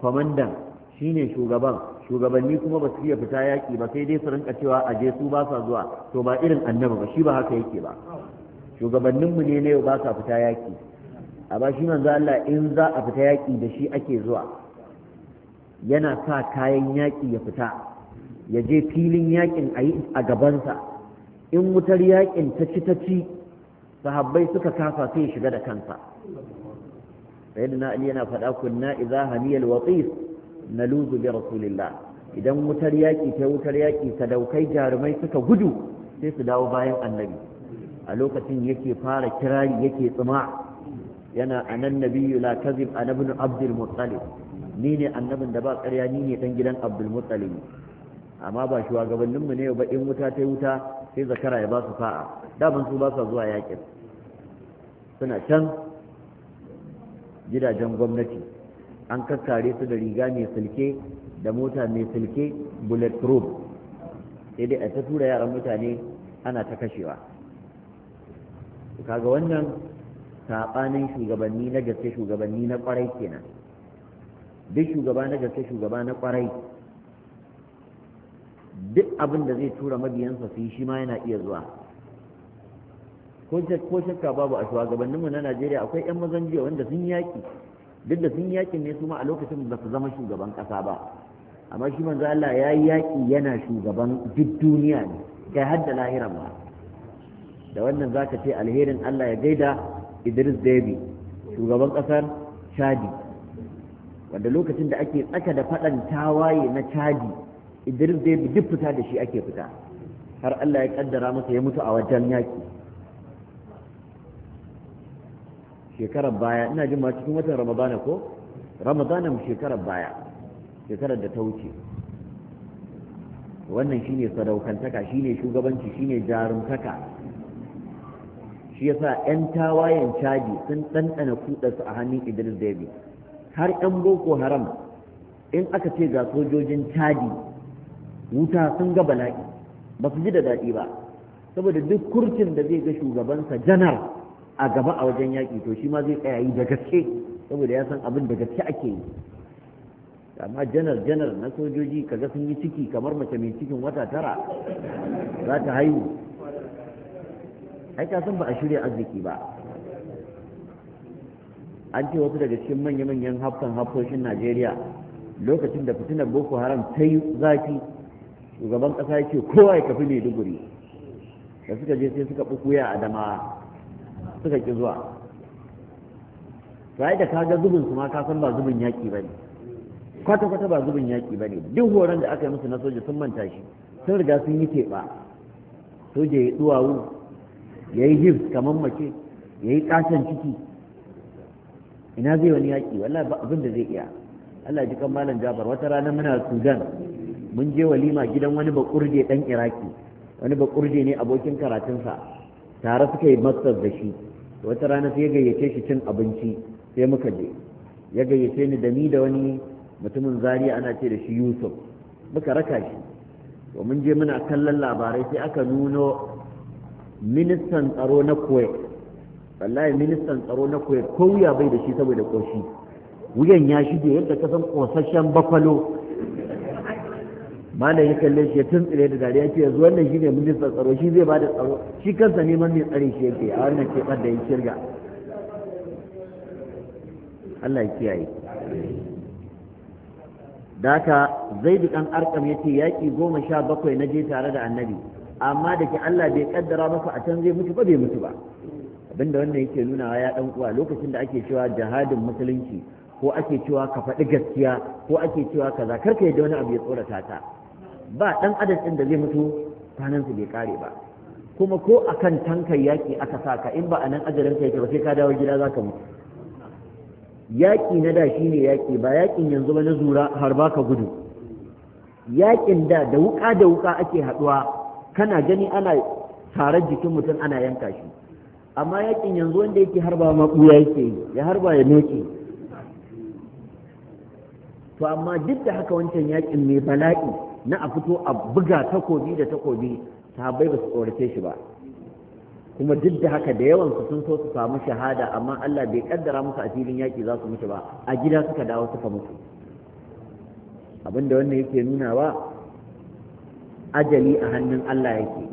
kwamandan shine shugaban shugabanni kuma ba su iya fita yaƙi ba sai dai su rinka cewa a je su ba sa zuwa to ba irin annabi ba shi ba haka yake ba shugabanninmu ne na yau ba sa fita yaƙi a ba shi manzo Allah in za a fita yaƙi da shi ake zuwa yana sa kayan yaƙi ya fita ya je filin yaƙin a yi a gabansa in wutar yaƙin ta ci ta ci sahabbai suka kafa sai ya shiga da kansa sayyidina ali yana faɗa kunna idza hamiyal waqis na lubu bi rasulillah idan wutar yaƙi ta wutar yaƙi sadaukai jarumai suka gudu sai su dawo bayan annabi a lokacin yake fara kirari yake tsima yana anan nabiyyu la kazib ana ibn abdul muttalib ni ne annabin da ba ƙarya ni ne dan gidan abdul muttalib amma ba shugabannin mu ne ba in wuta ta wuta sai zakara ya ba su fa'a da ban su ba su zuwa yakin suna can gidajen gwamnati an kakkare su da riga mai silke da mota mai silke bulletproof sai dai a ta tura yaran mutane ana ta kashewa kaga wannan saɓanin shugabanni na gaske shugabanni na kwarai kenan duk shugaba na gaske shugaba na kwarai duk abin da zai tura mabiyansa su yi shi ma yana iya zuwa ko shakka babu a shugabanninmu na najeriya akwai 'yan mazan jiya wanda sun yaƙi duk da sun yakin ne su ma a lokacin ba su zama shugaban ƙasa ba amma shi manzo Allah ya yi yaƙi yana shugaban duk duniya ne kai har da lahiran ma da wannan za ka ce alherin Allah ya gaida Idris Deby shugaban ƙasar Chadi wanda lokacin da ake tsaka da faɗan tawaye na Chadi Idris Deby duk fita da shi ake fita har Allah ya kaddara masa ya mutu a wajen yaƙi shekarar baya ina jin ma cikin watan ramadana ko ramadana mu shekarar baya shekarar da ta wuce wannan shine sadaukantaka shine shugabanci shine jarumtaka shi yasa yan tawayen caji sun ɗanɗana kudarsu a hannun idris debi har yan boko haram in aka ce ga sojojin caji wuta sun ga bala'i ba su ji da daɗi ba saboda duk kurcin da zai ga shugabansa janar a gaba a wajen yaƙi to shi ma zai tsaya yi da gaske saboda ya san abin da gaske ake yi amma janar janar na sojoji kaga sun yi ciki kamar mace mai cikin wata tara za ta haihu ai ka san ba a shirya arziki ba an ce wasu daga cikin manya-manyan haftan haftoshin najeriya lokacin da fitinar boko haram ta yi zafi shugaban ƙasa ya ce kowa ya kafi maiduguri da suka je sai suka ɓukuya a dama suka ki zuwa sai da ka ga zubin su ma ka san ba zubin yaki bane kwata kwata ba zubin yaki bane duk horon da aka yi musu na soja sun manta shi sun riga sun yi teɓa soja ya duwawu ya yi hif kamar mace ya yi ƙasan ciki ina zai wani yaƙi wallahi ba abin da zai iya Allah ji kan malam Jabar wata rana muna Sudan mun je walima gidan wani bakurde dan Iraki wani bakurde ne abokin karatunsa tare suka yi masters da shi wata rana sai ya gayyace shi cin abinci sai muka je ya gayyace ni da ni da wani mutumin zariya ana ce da shi yusuf muka raka shi to mun je muna kallon labarai sai aka nuno ministan tsaro na kuwait wallahi ministan tsaro na kuwait ko wuya bai da shi saboda koshi wuyan ya shige yadda ka san kosasshen bakwalo mana ya kalle shi ya tsire da dariya ce yanzu wannan shi ne ministan tsaro shi zai bada tsaro shi kansa neman mai tsare shi yake a wannan ke da ya shirga Allah ya kiyaye da zai bi kan arkam ya ce yaƙi goma sha bakwai na je tare da annabi amma da ke Allah bai kaddara maka a can zai mutu ba bai mutu ba abinda wannan yake nunawa ya dan uwa lokacin da ake cewa jihadin musulunci ko ake cewa ka faɗi gaskiya ko ake cewa kaza karka yadda wani abu ya tsorata ta ba ɗan adam ɗin da zai mutu kwanansu bai kare ba kuma ko a kan tankar yaƙi aka sa ka in ba a nan ajalinka yake ba sai ka dawo gida za ka mutu yaƙi na da shi ne yaƙi ba yaƙin yanzu ba na zura har ba ka gudu yaƙin da da wuƙa da wuƙa ake haɗuwa kana gani ana tarar jikin mutum ana yanka shi amma yaƙin yanzu wanda yake harba ma ya yake yi ya harba ya noke to amma duk da haka wancan yaƙin mai bala'i na a fito a buga takobi da takobi ta bai ba su tsorace shi ba kuma duk da haka da yawan su sun so su samu shahada amma Allah bai kaddara musu a filin yaki za su mutu ba a gida suka dawo suka mutu abinda wannan yake wa ajali a hannun Allah yake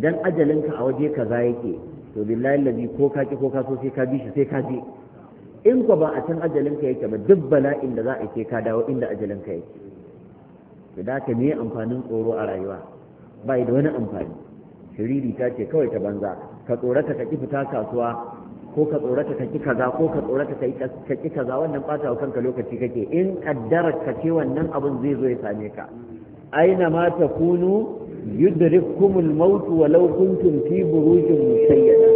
idan ajalinka a waje kaza yake to billahi lazi ko ka ki ko ka so sai ka bi shi sai ka je in ko ba a can ajalinka yake ba duk bala'in da za a ce ka dawo inda ajalinka yake da ka me amfanin tsoro a rayuwa bai da wani amfani shiriri ta ce kawai ta banza ka tsorata ka ki fita kasuwa ko ka tsorata ka ki kaza ko ka tsorata ka ki kaza wannan bata wa kanka lokaci kake in kaddarar ka ce wannan abun zai zo ya same ka aina ma kunu yudrikumul maut walau kuntum fi burujin mushayyada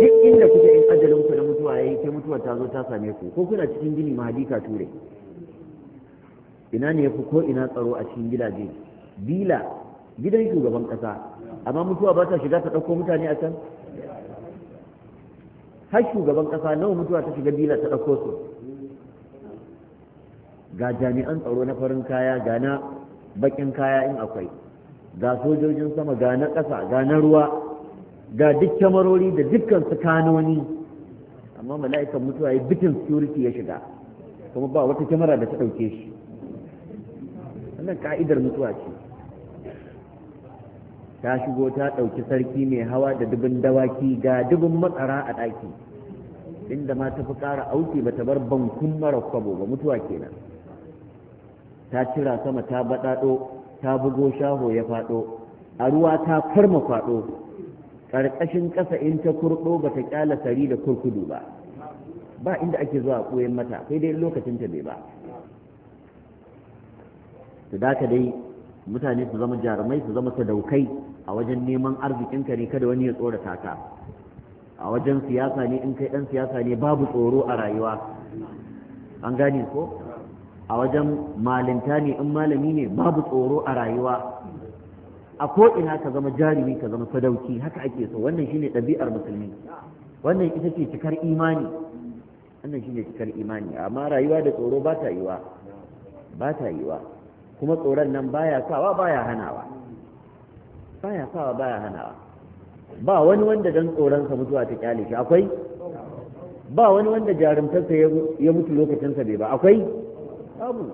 duk inda kuke in ajalin ku na mutuwa yayi ke mutuwa ta zo ta same ku ko kuna cikin gini mahadi ka ture ina ne yafi ko ina tsaro a cikin gidaje bila gidan shugaban kasa amma mutuwa ba ta shiga ta ɗauko mutane a can har shugaban kasa nawa mutuwa ta shiga bila ta ɗauko su ga jami'an tsaro na farin kaya ga na bakin kaya in akwai ga sojojin sama ga na ƙasa ga na ruwa ga duk kyamarori da dukkan su kanoni amma mala'ikan mutuwa ya bitin security ya shiga kuma ba wata kyamara da ta ɗauke shi wannan ka'idar mutuwa ce ta shigo ta ɗauki sarki mai hawa da dubin dawaki ga dubin matsara a ɗaki inda ma ta fi ƙara auki ba ta bar bankun mara kwabo ba mutuwa kenan ta cira sama ta baɗaɗo ta bugo shaho ya faɗo a ruwa ta farma faɗo ƙarƙashin ƙasa in ta kurɗo ba ta ƙyala sari da kurkudu ba ba inda ake zuwa a mata sai dai lokacinta bai ba Su da ka dai mutane su zama jarumai su zama sadaukai a wajen neman arzikinka ne kada wani ya tsorata ka a wajen siyasa ne in kai dan siyasa ne babu tsoro a rayuwa an gane ko a wajen malinta ne in malami ne babu tsoro a rayuwa a ko ina ka zama jarumi ka zama sadauki haka ake so wannan shine ɗabi'ar musulmi wannan ita ce cikar imani wannan shine cikar imani amma rayuwa da tsoro ba ta yiwa ba ta yiwa kuma tsoron nan baya sawa baya hanawa baya sawa baya hanawa ba wani wanda dan tsoronsa mutuwa ta kyale shi akwai ba wani wanda jarumtarsa ya mutu lokacinsa bai ba akwai abu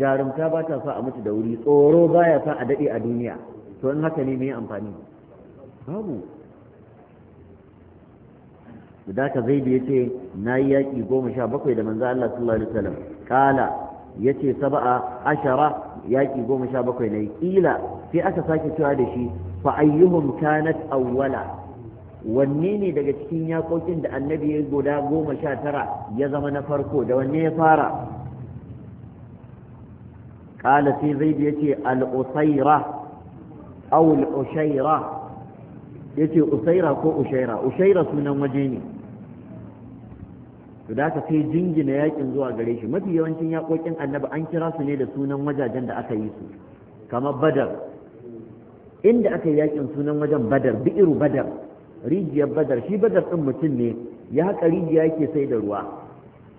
jarumta ba ta sa a mutu da wuri tsoro baya sa a daɗe a duniya to in haka ne mai amfani babu da ka zai da ya ce na yi yaƙi goma sha bakwai da manzo Allah sallallahu alaihi wasallam kala yace saba'a ashara yaƙi goma sha bakwai ne ƙila sai aka sake cewa da shi fa ayyuhum kanat awwala wanne ne daga cikin yakokin da annabi ya guda goma sha tara ya zama na farko da wanne ya fara qala sai zaid yace al yace usaira ko ushaira ushaira sunan waje ne to da aka sai jingina yakin zuwa gare shi mafi yawancin yakokin annabi an kira su ne da sunan wajajen da aka yi su kamar badar inda aka yi yakin sunan wajen badar bi'iru badar rijiyar badar shi badar ɗin mutum ne ya haka rijiya yake sai da ruwa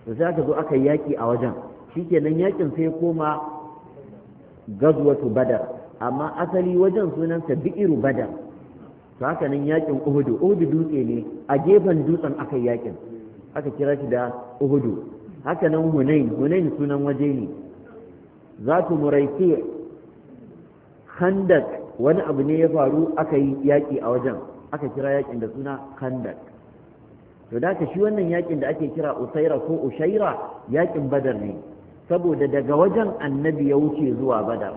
to sai aka zo aka yi yaki a wajen shikenan yakin sai koma gazwatu badar amma asali wajen sunansa bi'iru badar to haka nan yakin uhudu uhudu dutse ne a gefen dutsen aka yi yakin aka kira shi da uhudu haka nan hunain hunain sunan waje ne zatu muraiki handak wani abu ne ya faru aka yi yaƙi a wajen aka kira yaƙin da suna handak to da shi wannan yaƙin da ake kira usaira ko ushaira yaƙin badar ne saboda daga wajen annabi ya wuce zuwa badar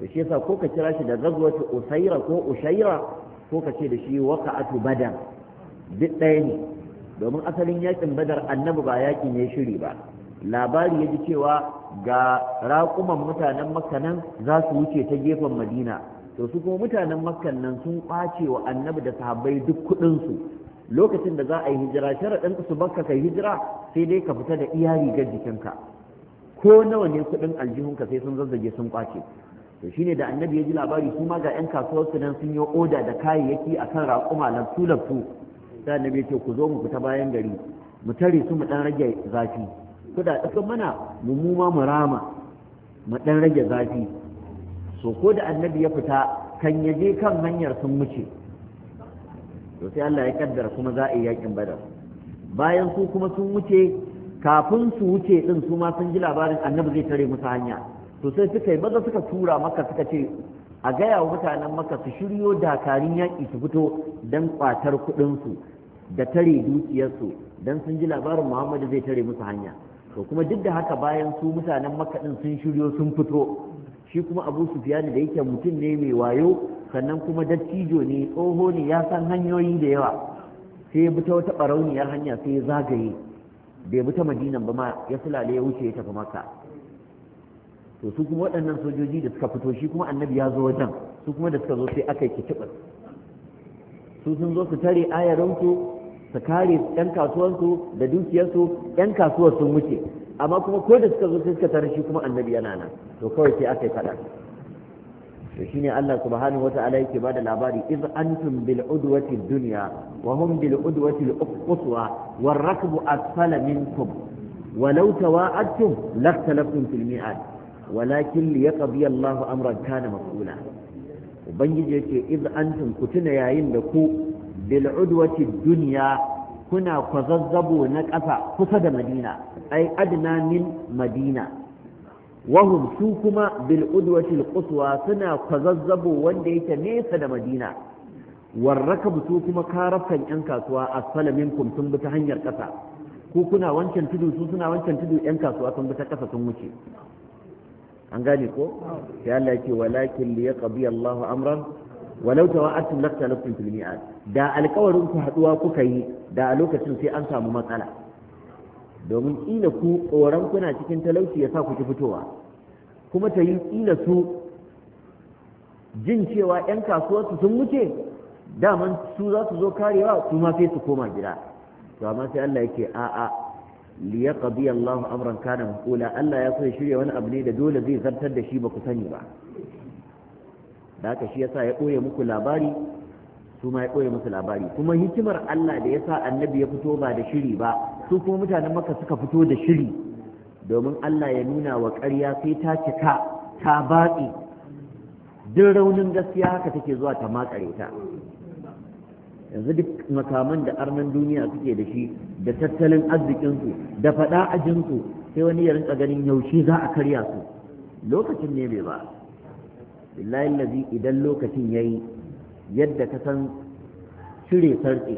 to shi yasa ko ka kira shi da gazwatu usaira ko ushaira ko ka ce da shi waka'atu badar duk ɗaya ne domin asalin yakin badar annabi ba yaki ne shiri ba labari ya ji cewa ga raƙuman mutanen makka nan za su wuce ta gefen madina to su kuma mutanen makka nan sun ƙwace wa annabi da sahabbai duk kuɗinsu lokacin da za a yi hijira sharaɗin su bakka kai hijira sai dai ka fita da iya rigar jikinka ko nawa ne kuɗin ka sai sun zazzage sun ƙwace to shine da annabi ya ji labari su ma ga 'yan kasuwarsu nan sun yi oda da kayayyaki akan raƙuma laftu laftu sai annabi ya ce ku zo mu fita bayan gari mu tare su mu dan rage zafi kuda dakan mana mu mu ma mu rama mu dan rage zafi so ko da annabi ya fita kan ya je kan hanyar sun muce to sai Allah ya kaddara kuma za a yi yakin badar bayan su kuma sun wuce kafin su wuce din su ma sun ji labarin annabi zai tare musu hanya to sai suka yi maza suka tura maka suka ce a gaya wa mutanen maka su shiryo dakarin yaƙi su fito don kwatar kuɗinsu da tare dukiyarsu Don sun ji labarin muhammadu zai tare musu hanya to kuma duk da haka bayan su mutanen makka din sun shiryo sun fito shi kuma abu sufiyani da yake mutum ne mai wayo sannan kuma dattijo ne tsoho ne ya san hanyoyi da yawa sai ya bi ta wata barauniyar hanya sai ya zagaye bai bi ta madinan ba ma ya fulale ya wuce ya tafi maka to su kuma waɗannan sojoji da suka fito shi kuma annabi ya zo wajen su kuma da suka zo sai aka yi kitibin su sun zo su tare ayarinsu su kare yan kasuwarku da dukiyarsu yan kasuwar sun wuce amma kuma ko da suka zo sai suka tarar shi kuma annabi yana nan to kawai sai aka yi faɗa to shine Allah subhanahu wata'ala yake bada labari iz antum bil udwati dunya wa hum bil udwati al quswa war rakbu asfala minkum ولو تواعدتم لاختلفتم في الميعاد ولكن ليقضي الله امرا كان مفعولا ubangiji yake iz antum kutuna yayin da ku bil'udwati udwati dunya kuna kwazazzabo na ƙasa kusa da madina ai adna min madina wahum su kuma bil udwati suna kwazazzabo wanda yake nesa da madina warraka su kuma karafkan yan kasuwa asfala minkum sun bi ta hanyar ƙasa ku kuna wancan tudu su suna wancan tudu yan kasuwa sun bi ta ƙasa sun wuce an gane ko sai Allah yake walakin liyaqdi Allahu amran walau tawa'atum lakta lakum fil mi'ad da alkawarin ku haɗuwa kuka yi da a lokacin sai an samu matsala domin ƙila ku tsoron kuna cikin talauci ya sa ku ki fitowa kuma ta yi ƙila su jin cewa 'yan kasuwarsu sun wuce daman su za su zo karewa su ma sai su koma gida to amma sai Allah yake a'a li yaqdi Allah amran kana maqula Allah ya so ya shirya wani abu ne da dole zai zartar da shi ba ku sani ba da haka shi yasa ya koye muku labari su ma ya ɓoye musu labari kuma hikimar Allah da ya sa annabi ya fito ba da shiri ba su kuma mutanen maka suka fito da shiri domin Allah ya nuna wa ƙarya sai ta cika ta batsi duk raunin gaskiya haka take zuwa ta makare ta yanzu duk makaman da arnan duniya suke da shi da tattalin arzikinsu da faɗa a jinsu sai wani ya rinka ganin yaushe za a karya su lokacin ne bai ba billahi idan lokacin ya yi. yadda ka san cire sarƙe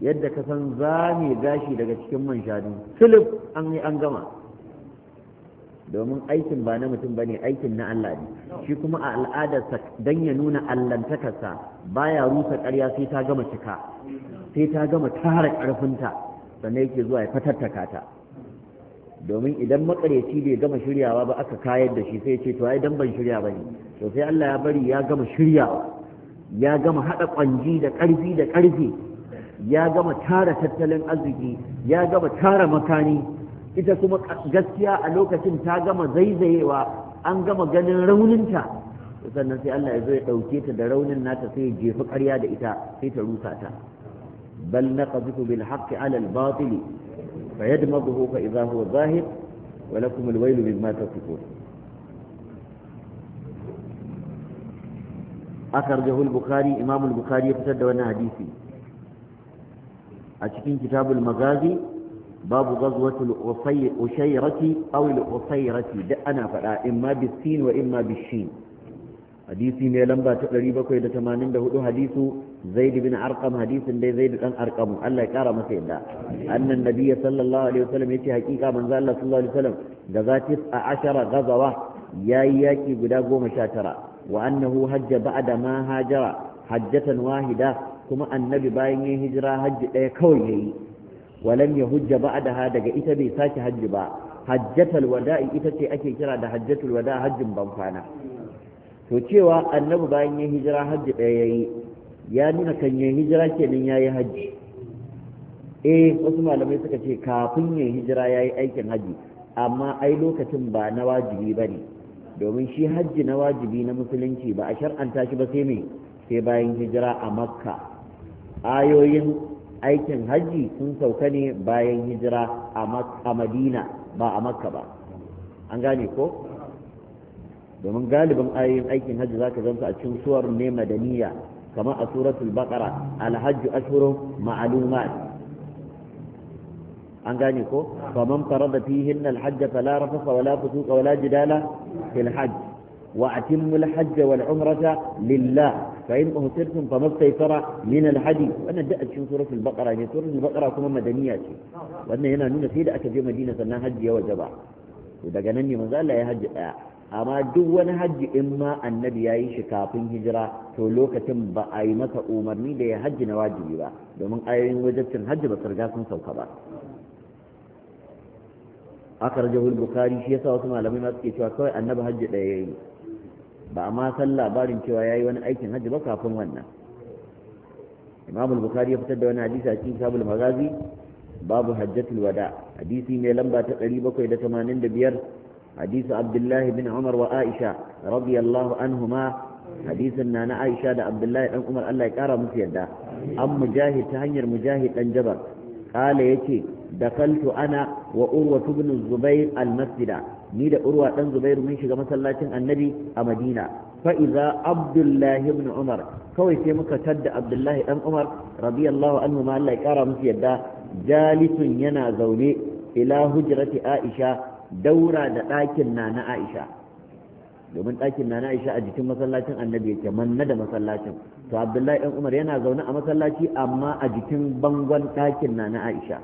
yadda ka san za zame gashi daga cikin man shanu filif an yi an gama domin aikin ba na mutum ba ne aikin na Allah ne shi kuma a al'adarsa don ya nuna allantakarsa baya rusa karya sai ta gama cika sai ta gama tara ƙarfinta sannan yake zuwa ya fatattaka ta domin idan makareci bai gama shiryawa ba aka kayar da shi sai ce to ai dan ban shirya ba ne to sai Allah ya bari ya gama shiryawa ya gama haɗa ƙwanji da ƙarfi da ƙarfi ya gama tara tattalin arziki ya gama tara makani ita kuma gaskiya a lokacin ta gama zaizayewa an gama ganin rauninta sannan sai Allah ya zo ya ɗauke ta da raunin nata sai ya jefi ƙarya da ita sai ta rusa ta bal naqdhu bil haqqi ala al batil fayadmaghu fa idha huwa zahir wa lakum al waylu mimma tasifun akarjahu al-bukhari imam al-bukhari ya fitar da wannan hadisi a cikin kitabul magazi babu ghazwatul usayrati aw al-usayrati da ana fada faɗa imma bisin wa in imma bishin hadisi ne lamba ta 784 hadisu zaid bin arqam hadisin dai zaid dan arqam Allah ya kara masa yadda annan nabiy sallallahu alaihi wasallam yace hakika manzo Allah sallallahu alaihi wasallam da zati a ashara gazawa yayi yaki guda 19 wa annahu hajja ba'da ma hajara hajjatan wahida kuma annabi bayan yin hijira hajji ɗaya kawai yayi walam ya hujja ba'daha daga ita bai saki hajji ba hajjatul wada'i ita ce ake kira da hajjatul wada hajjin bankwana to cewa annabi bayan yin hijira hajji ɗaya yayi ya nuna kan yin hijira kenan yayi hajji eh wasu malamai suka ce kafin yin hijira yayi aikin hajji amma ai lokacin ba na wajibi bane domin shi hajji na wajibi na musulunci ba a shar'anta shi ba sai me sai bayan hijira a makka ayoyin aikin hajji sun sauka ne bayan hijira a madina ba a makka ba an gane ko domin galibin ayoyin aikin hajji zaka zanta a cikin suwar ne madaniya kamar a suratul baqara alhajju ashhurun ma'lumat an gane ko faman farada fihinna alhajj fala rafasa wala fusuqa wala jidala fil hajj wa atimmu alhajj wal umrata lillah fa in uhsirtum famastaysara min alhadi wannan da cikin suratul baqara ne suratul baqara kuma madaniya ce wannan yana nuna sai da aka je madina sannan hajji ya wajaba to daga nan ne manzo Allah ya hajji daya amma duk wani hajji in ma annabi ya yi shi kafin hijira to lokacin ba a yi masa umarni da ya hajji na wajibi ba domin ayoyin wajabcin hajji ba su riga sun sauka ba akhrajahu al-bukhari shi yasa wasu malamai ma suke cewa kawai annabi hajji daya yayi ba ma san labarin cewa yayi wani aikin hajji ba kafin wannan imam al-bukhari ya fitar da wani hadisi a cikin kitabul magazi babu hajjatul wada hadisi mai lamba ta 785 hadisi abdullahi bin umar wa aisha radiyallahu anhuma hadisin na na aisha da abdullahi dan umar Allah ya kara musu yadda an mujahid ta hanyar mujahid dan jabar kala yace دخلت أنا وأروة بن الزبير المسجد نيد أروة بن الزبير من شغى مسلاة النبي أمدينة فإذا عبد الله بن عمر كوي سيمك تد عبد الله بن عمر رضي الله عنه ما الله يكارى مسيدا جالس ينا زوني إلى هجرة عائشة دورة دقاكنا نعائشة domin ɗakin na Aisha a jikin masallacin annabi yake manna da masallacin to Abdullahi ɗan Umar yana zaune a masallaci amma a jikin bangon ɗakin na Aisha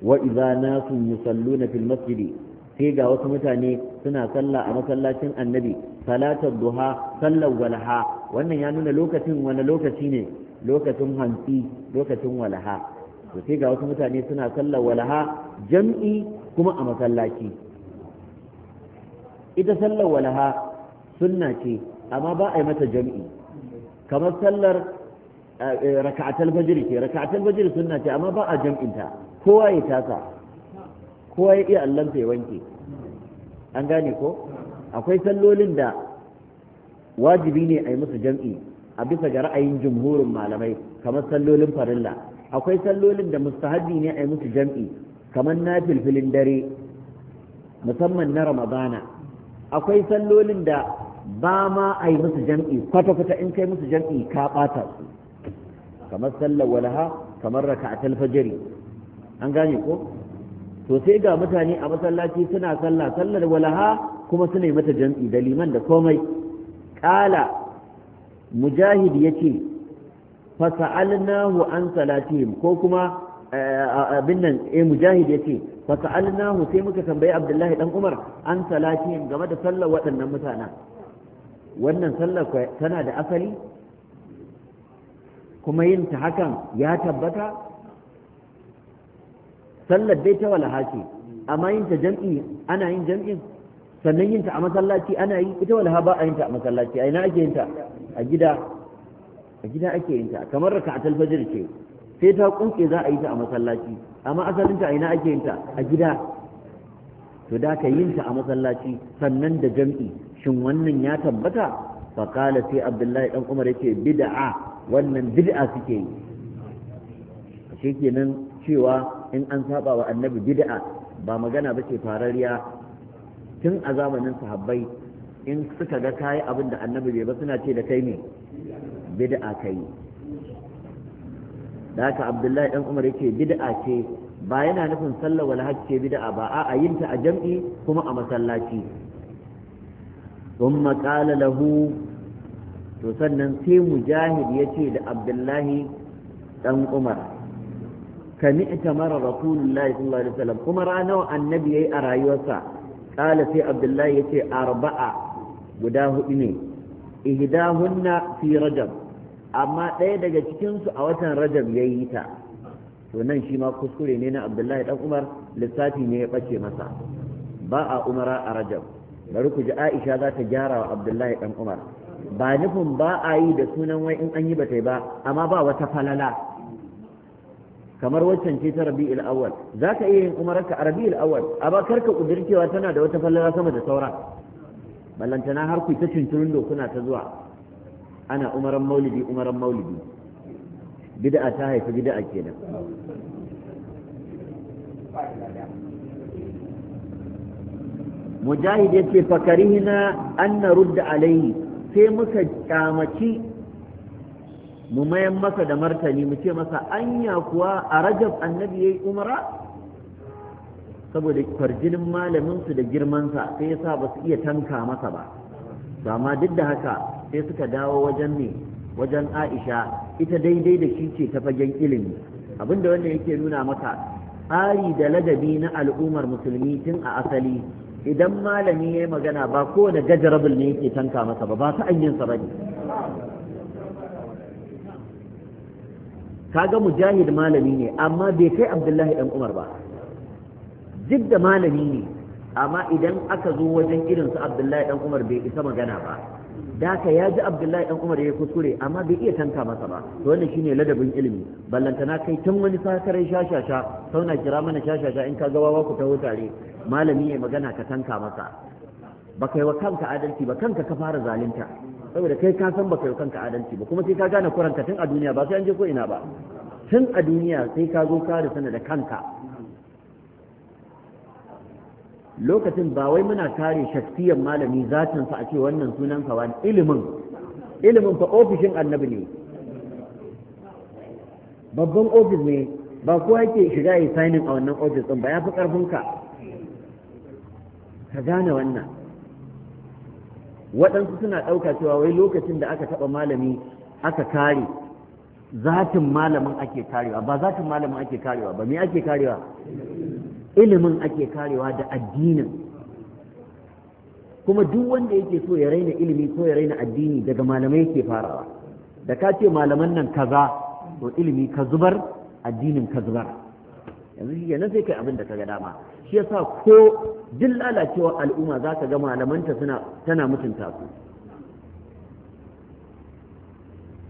wa idza nasun yusalluna fil masjidi sai ga wasu mutane suna sallah a masallacin annabi talatar duha sallar walaha wannan ya nuna lokacin wani lokaci ne lokacin hantsi lokacin walaha sai ga wasu mutane suna sallar walaha jam'i kuma a masallaci ita sallar walaha sunna amma ba a yi mata jam'i kamar sallar eh, eh, ce amma ba a jam'inta kowa ya tasa kowa ya iya allon ya wanke an gane ko akwai sallolin da wajibi ne a yi musu jam'i a bisa ga ra'ayin jumhurin malamai kamar sallolin farilla akwai sallolin da mustahabi ne a yi musu jam'i kamar na filfilin dare musamman na ramadana akwai sallolin da ba ma a yi musu jam'i kwata-kwata in kai musu jam'i ka ɓata su kamar sallar walaha kamar raka a talfajiri an gane ko to sai ga mutane a masallaci suna sallah sallar walaha kuma suna yi mata jam'i da liman da komai kala mujahid yace fa sa'alnahu an salatihim ko kuma eh, abin nan eh mujahid yace fa sa'alnahu sai muka tambayi abdullahi dan umar an salatihim game da sallar waɗannan mutanen wannan sallar tana da asali kuma yin ta hakan ya tabbata sallar dai ta wala haki amma yin ta jam'i ana yin jam'in sannan yin ta a masallaci ana yi ita wala ba a yin ta a masallaci a ina ake yin ta a gida a gida ake yin ta kamar raka'atul fajr ce sai ta kunke za a yi ta a masallaci amma asalin ta a ina ake yin ta a gida to da ka yin ta a masallaci sannan da jam'i shin wannan ya tabbata fa kala sai abdullahi dan umar yace bid'a wannan bid'a suke yi shikenan cewa in an saba wa annabi bid'a ba magana ba ce farariya tun a zamanin sahabbai in suka ga kayi abin da annabi bai ba suna ce da kai ne bid'a kai da haka abdullahi dan umar yake bid'a ce ba yana nufin sallah wal hajj bid'a ba a a ta a jam'i kuma a masallaci thumma qala lahu to sannan sai mujahid yace da abdullahi dan umar kami mara rasulullahi sallallahu alaihi wasallam kuma ranar annabi yayi a rayuwarsa kala sai abdullahi yace arba'a guda hudu ne ihdahunna fi rajab amma ɗaya daga cikin su a watan rajab yayi ta to nan shi ma kuskure ne na abdullahi dan umar lissafi ne ya bace masa ba a umara a rajab bari ku ji aisha za ta gyara wa abdullahi dan umar ba nufin ba a yi da sunan wai in an yi ba ba amma ba wata falala kamar waccan ce ta rabi'ul Za zaka iya yin umararka a rabi'ul a amma karka cewa tana da wata fallara sama da sauran ballantana har ku ta cincirin kuna ta zuwa ana umaran maulidi umaran maulidi bid'a ta haifi bid'a kenan mujahid yace fakarihina an narudda alaihi sai muka kyamaci mu mayan masa da martani mu ce masa anya kuwa a rajab annabi yayi umara saboda farjinin malamin su da girmansa sai ya sa ba su iya tanka masa ba ba ma duk da haka sai suka dawo wajen ne wajen Aisha ita daidai da shi ce ta fagen ilimi abinda wannan yake nuna maka tsari da ladabi na al'ummar musulmi tun a asali idan malami ya yi magana ba kowane gajarabul ne yake tanka masa ba ba ta anyin sa bane kaga mujahid malami ne amma bai kai abdullahi dan umar ba duk da malami ne amma idan aka zo wajen irin su abdullahi dan umar bai isa magana ba daka ya ji abdullahi dan umar ya kuskure amma bai iya tanka masa ba to wannan shine ladabin ilimi ballantana kai tun wani sakarai shashasha sauna kira mana shashasha in ka ga wawa ku taho tare malami ya magana ka tanka masa ba kai wa kanka adalci ba kanka ka fara zalunta saboda kai ka san baka yi kanka adalci ba kuma sai ka gane kuranka tun a duniya ba sai an je ko ina ba tun a duniya sai ka zo ka da da kanka lokacin ba wai muna kare shaktiyar malami zatin sa a ce wannan sunan ka wani ilimin ilimin fa ofishin annabi ne babban ofis ne ba kowa yake shiga yi signing a wannan ofis din ba ya fi karfin ka ka gane wannan waɗansu suna ɗauka cewa wai lokacin da aka taɓa malami aka kare zatin malamin ake karewa ba zatin malamin ake karewa ba me ake karewa ilimin ake karewa da addinin kuma duk wanda yake so ya raina ilimi ko ya raina addini daga malamai yake farawa da ka ce malaman nan kaza to ilimi ka zubar addinin ka zubar yanzu shi kenan sai kai abin da ga dama shi yasa ko duk lalacewar al'umma za ka ga malamanta suna tana mutunta su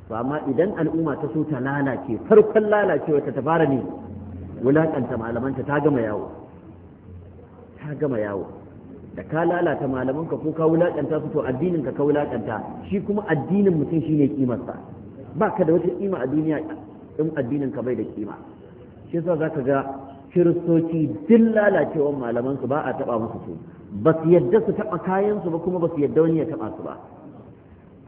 to amma idan al'umma ta so ta lalace farkon lalacewa ta tabara ne wulakanta malamanta ta gama yawo ta gama yawo da ka lalata malamanka ko ka wulakanta su to addinin ka ka wulakanta shi kuma addinin mutum shine kimarsa ba ka da wata kima a duniya in addinin ka bai da kima shi yasa ka ga kiristoci duk lalacewar malamansu ba a taba musu su ba su yadda su taba kayansu ba kuma ba su yadda wani ya taba su ba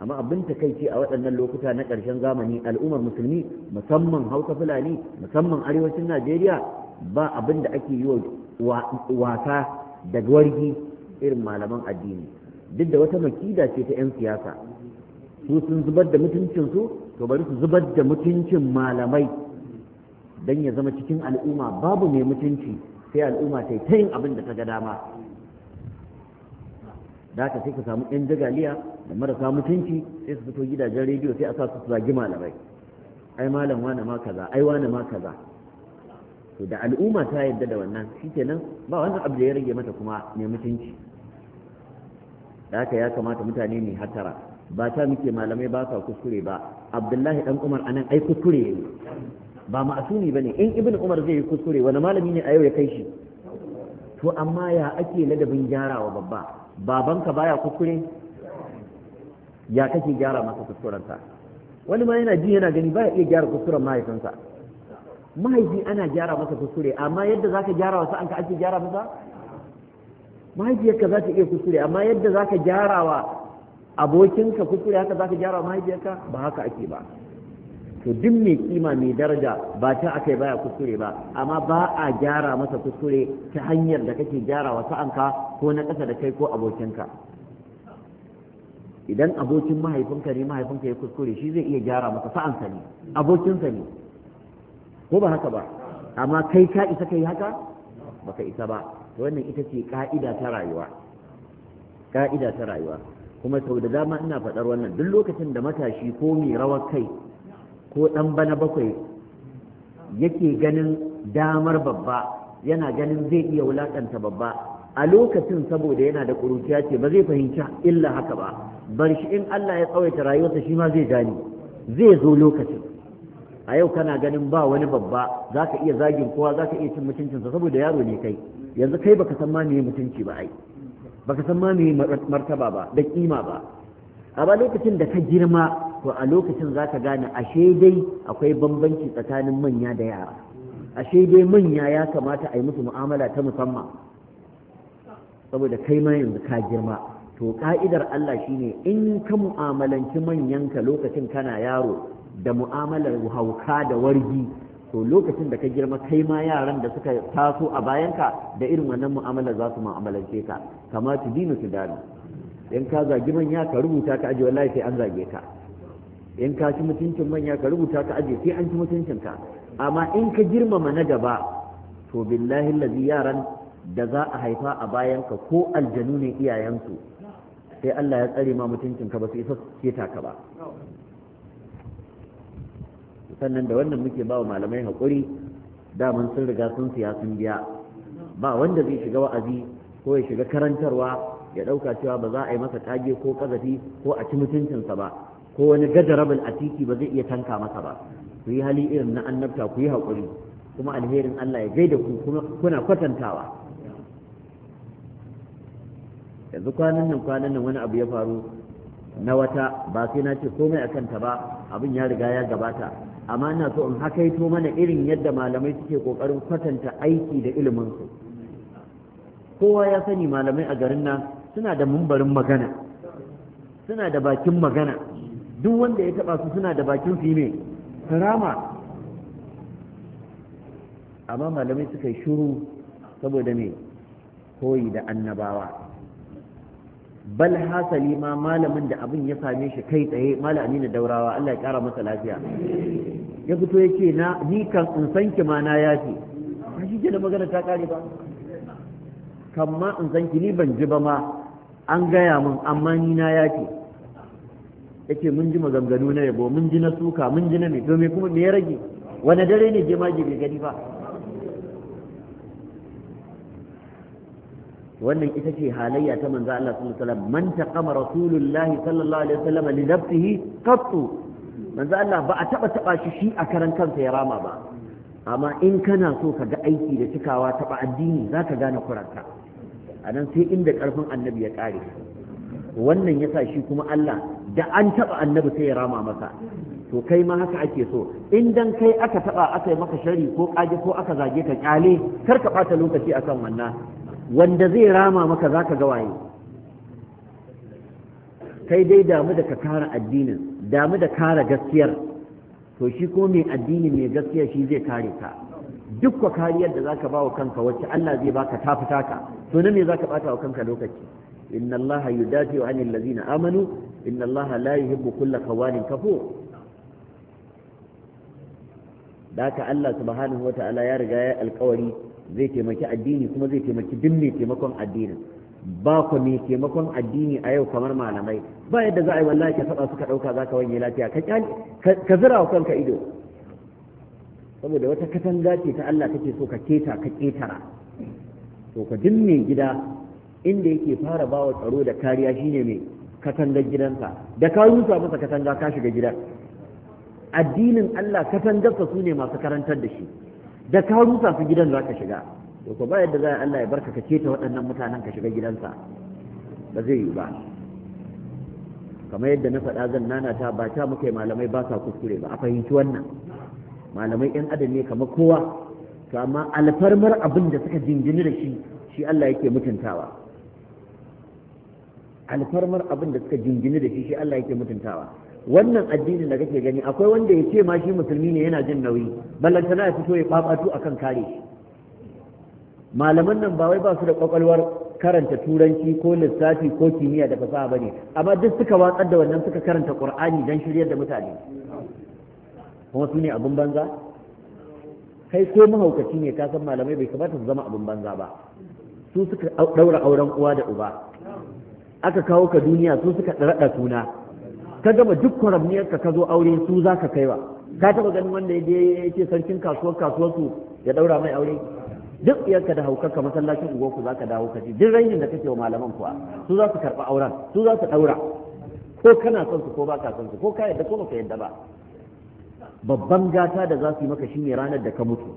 amma abin takaici a waɗannan lokuta na ƙarshen zamani al'ummar musulmi musamman hausa fulani musamman arewacin najeriya ba abin da ake yi wa wasa da wargi irin malaman addini duk da wata makida ce ta 'yan siyasa su sun zubar da mutuncinsu to bari su zubar da mutuncin malamai don ya zama cikin al'umma babu mai mutunci sai al'umma ta ta yin abin da ta ga dama da ka sai ka samu yan jagaliya da marasa mutunci sai su fito gidajen rediyo sai a sa su zagi malamai ai malam wane ma kaza ai wane ma kaza to da al'umma ta yadda da wannan shikenan ba wannan abu da ya rage mata kuma mai mutunci da haka ya kamata mutane ne hatara ba ta muke malamai ba sa kuskure ba abdullahi dan umar anan ai kuskure ne ba ma'asumi bane in ibn umar zai yi kuskure wani malami ne a yau ya kai shi to amma ya ake ladabin gyara wa babba babanka baya kuskure ya kake gyara masa kuskurensa wani ma yana ji yana gani baya iya gyara kuskuren mahaifinsa mahaifi ana gyara masa kuskure amma yadda zaka gyara wa sa'anka ake gyara masa mahaifiyarka za ta iya kuskure amma yadda zaka gyara wa abokinka kuskure haka zaka gyara wa mahaifiyarka ba haka ake ba to duk mai kima mai daraja ba ta aka yi baya kuskure ba amma ba a gyara masa kuskure ta hanyar da kake gyara wa sa'anka ko na ƙasa da kai ko abokinka idan abokin mahaifinka ne mahaifinka ya kuskure shi zai iya gyara masa sa'ansa ne abokinsa ne ko ba haka ba amma kai ka isa kai haka baka isa ba wannan ita ce ka'ida ta rayuwa ka'ida ta rayuwa kuma sau da dama ina faɗar wannan duk lokacin da matashi ko mai rawar kai ko ɗan bana bakwai yake ganin damar babba yana ganin zai iya wulaƙanta babba a lokacin saboda yana da ƙuruciya ce ba zai fahimci illa haka ba bar shi in Allah ya tsawaita rayuwarsa shi ma zai gane zai zo lokacin a yau kana ganin ba wani babba za ka iya zagin kowa za ka iya cin mutuncinsa saboda yaro ne kai yanzu kai baka san ma me mutunci ba ai baka san ma me martaba ba da kima ba a ba lokacin da ka girma to a lokacin za ka gane ashe dai akwai bambanci tsakanin manya da yara ashe dai manya ya kamata a yi musu mu'amala ta musamman saboda kai ma yanzu ka girma to ka'idar Allah shine in ka mu'amalanci manyanka lokacin kana yaro da mu'amalar hauka da wargi to lokacin da ka girma kai ma yaran da suka taso a bayanka da irin wannan mu'amalar za su mu'amalance ka kamar su dinu su dano in ka zagi manya ka rubuta ka aji, wallahi sai an zage ka in ka ci mutuncin manya ka rubuta ka aje sai an ci mutuncin ka amma in ka girmama na gaba to billahi lazi yaran da za a haifa a bayan ka ko aljanu ne iyayensu sai Allah ya tsare ma mutuncin ka ba su isa keta ka ba sannan da wannan muke ba wa malamai haƙuri daman sun riga sun siya sun biya ba wanda zai shiga wa'azi ko ya shiga karantarwa ya ɗauka cewa ba za a yi masa kage ko kazafi ko a ci mutuncinsa ba ko wani a titi ba zai iya tanka masa ba ku yi hali irin na annabta ku yi haƙuri kuma alherin Allah ya gaida ku kuna kwatantawa yanzu kwanan nan kwanan nan wani abu ya faru na wata ba sai na ce komai a kanta ba abin ya riga ya gabata amma ina so in hakaito mana irin yadda malamai suke kokarin kwatanta aiki da ilimin su kowa ya sani malamai a garin nan suna da mumbarin magana suna da bakin magana duk wanda ya taba su suna da bakin su ne karama amma malamai suka yi shuru saboda mai koyi da annabawa bal hasali ma malamin da abin ya same shi kai tsaye malami na daurawa Allah ya kara masa lafiya ya fito ya ce na ni kan in san ki ma na yafi ba shi da magana ta kare ba Kamma in san ki ni ban ji ba ma an gaya min amma ni na yafi yake mun ji maganganu na yabo mun ji na suka mun ji na me to me kuma me ya rage wani dare ne jemage bai gani ba wannan ita ce halayya ta manzo Allah sallallahu alaihi wasallam man taqama rasulullahi sallallahu alaihi wasallam li nafsihi qattu manzo Allah ba a taba taba shi shi a karan kansa ya rama ba amma in kana so ka ga aiki da cikawa ta ba addini zaka gane a nan sai inda karfin annabi ya kare wannan yasa shi kuma Allah da an taɓa annabi sai ya rama masa to kai ma haka ake so in dan kai aka taba aka yi maka shari ko kaji ko aka zage ka kyale kar ka bata lokaci akan wannan wanda zai rama maka zaka ga waye kai dai damu da ka kara addinin damu da kara gaskiyar to shi ko mai addini mai gaskiya shi zai kare ka duk kwa kariyar da zaka ba wa kanka wacce Allah zai baka tafi taka, ka to na me zaka bata wa kanka lokaci inna allaha yudafi'u 'anil ladzina amanu inna allaha la yuhibbu kulla khawanin kafur da haka Allah subhanahu wata'ala ya riga ya alkawari zai taimaki addini kuma zai taimaki duk mai taimakon addinin ba ku mai taimakon addini a yau kamar malamai ba yadda za a yi wallahi ka saba suka dauka za ka wanye lafiya ka zira wa kanka ido saboda wata katanga ce ta Allah kake so ka keta ka ketara to ka duk mai gida inda yake fara bawa tsaro da kariya shine mai katangar gidansa da ka rusa masa katanga ka shiga gidan addinin Allah katangarsa su ne masu karantar da shi da ka rusa su gidan za ka shiga to ko ba yadda za Allah ya barka ka keta waɗannan mutanen ka shiga gidansa ba zai yi ba kamar yadda na faɗa zan nana ta ba ta muka malamai ba sa kuskure ba a fahimci wannan malamai ƴan adam ne kamar kowa to amma alfarmar abin da suka jinjini da shi shi Allah yake mutuntawa alfarmar abin da suka jingini da shi shi Allah yake mutuntawa wannan addinin da kake gani akwai wanda ya ce ma shi musulmi ne yana jin nauyi ballantana ya fito ya babatu akan kare shi malaman nan ba wai ba su da kwakwalwar karanta turanci ko lissafi ko kimiyya da fasaha bane amma duk suka watsar da wannan suka karanta qur'ani dan shiryar da mutane kuma su ne abin banza kai ko mahaukaci ne ka san malamai bai kamata su zama abin banza ba su suka daura auren uwa da uba aka kawo ka duniya su suka raɗa suna ka gama duk kwaramniyar ka zo aure su za ka kai ba ka taɓa ganin wanda ya ce sarkin kasuwar kasuwar su ya ɗaura mai aure duk ka da haukarka masallacin ku za ka dawo ka duk rainin da kake wa malaman kuwa su za su karɓi auren su za su ɗaura ko kana son su ko ba ka son su ko ka yadda ko baka yadda ba babban gata da za su yi maka shine ranar da ka mutu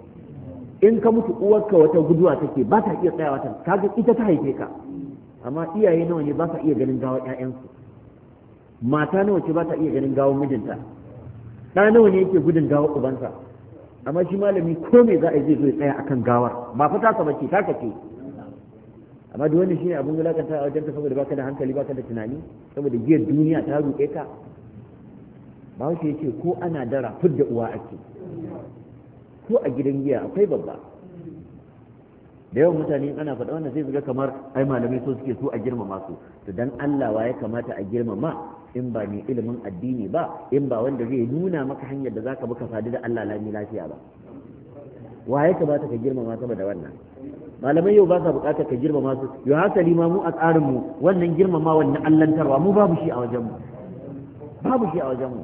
in ka mutu uwarka wata guduwa take ba ta iya tsayawa ta kaga ita ta haife ka amma iyaye nawa ne ba sa iya ganin gawa ƴaƴansu mata nawa ce ba ta iya ganin gawa mijinta ɗa nawa ne yake gudun gawa ubansa amma shi malami ko me za a yi zai zo ya tsaya akan gawar ba fa taka bace taka ce amma duk wannan shine abin wulakanta a ta saboda baka da hankali baka da tunani saboda giyar duniya ta ruɗe ka ba shi yace ko ana dara fudda uwa ake ko a gidan giya akwai babba da yawan mutane ana faɗa wannan zai zuga kamar ai malamai so suke so a girmama su to dan Allah wa ya kamata a girmama in ba mai ilimin addini ba in ba wanda zai nuna maka hanyar da zaka buka ka sadu da Allah lami lafiya ba wa ya kamata ka girmama saboda wannan malamai yau ba sa bukatar ka girmama su yo hasali ma mu a tsarin mu wannan girmama wannan allantarwa mu babu shi a wajen mu babu shi a wajen mu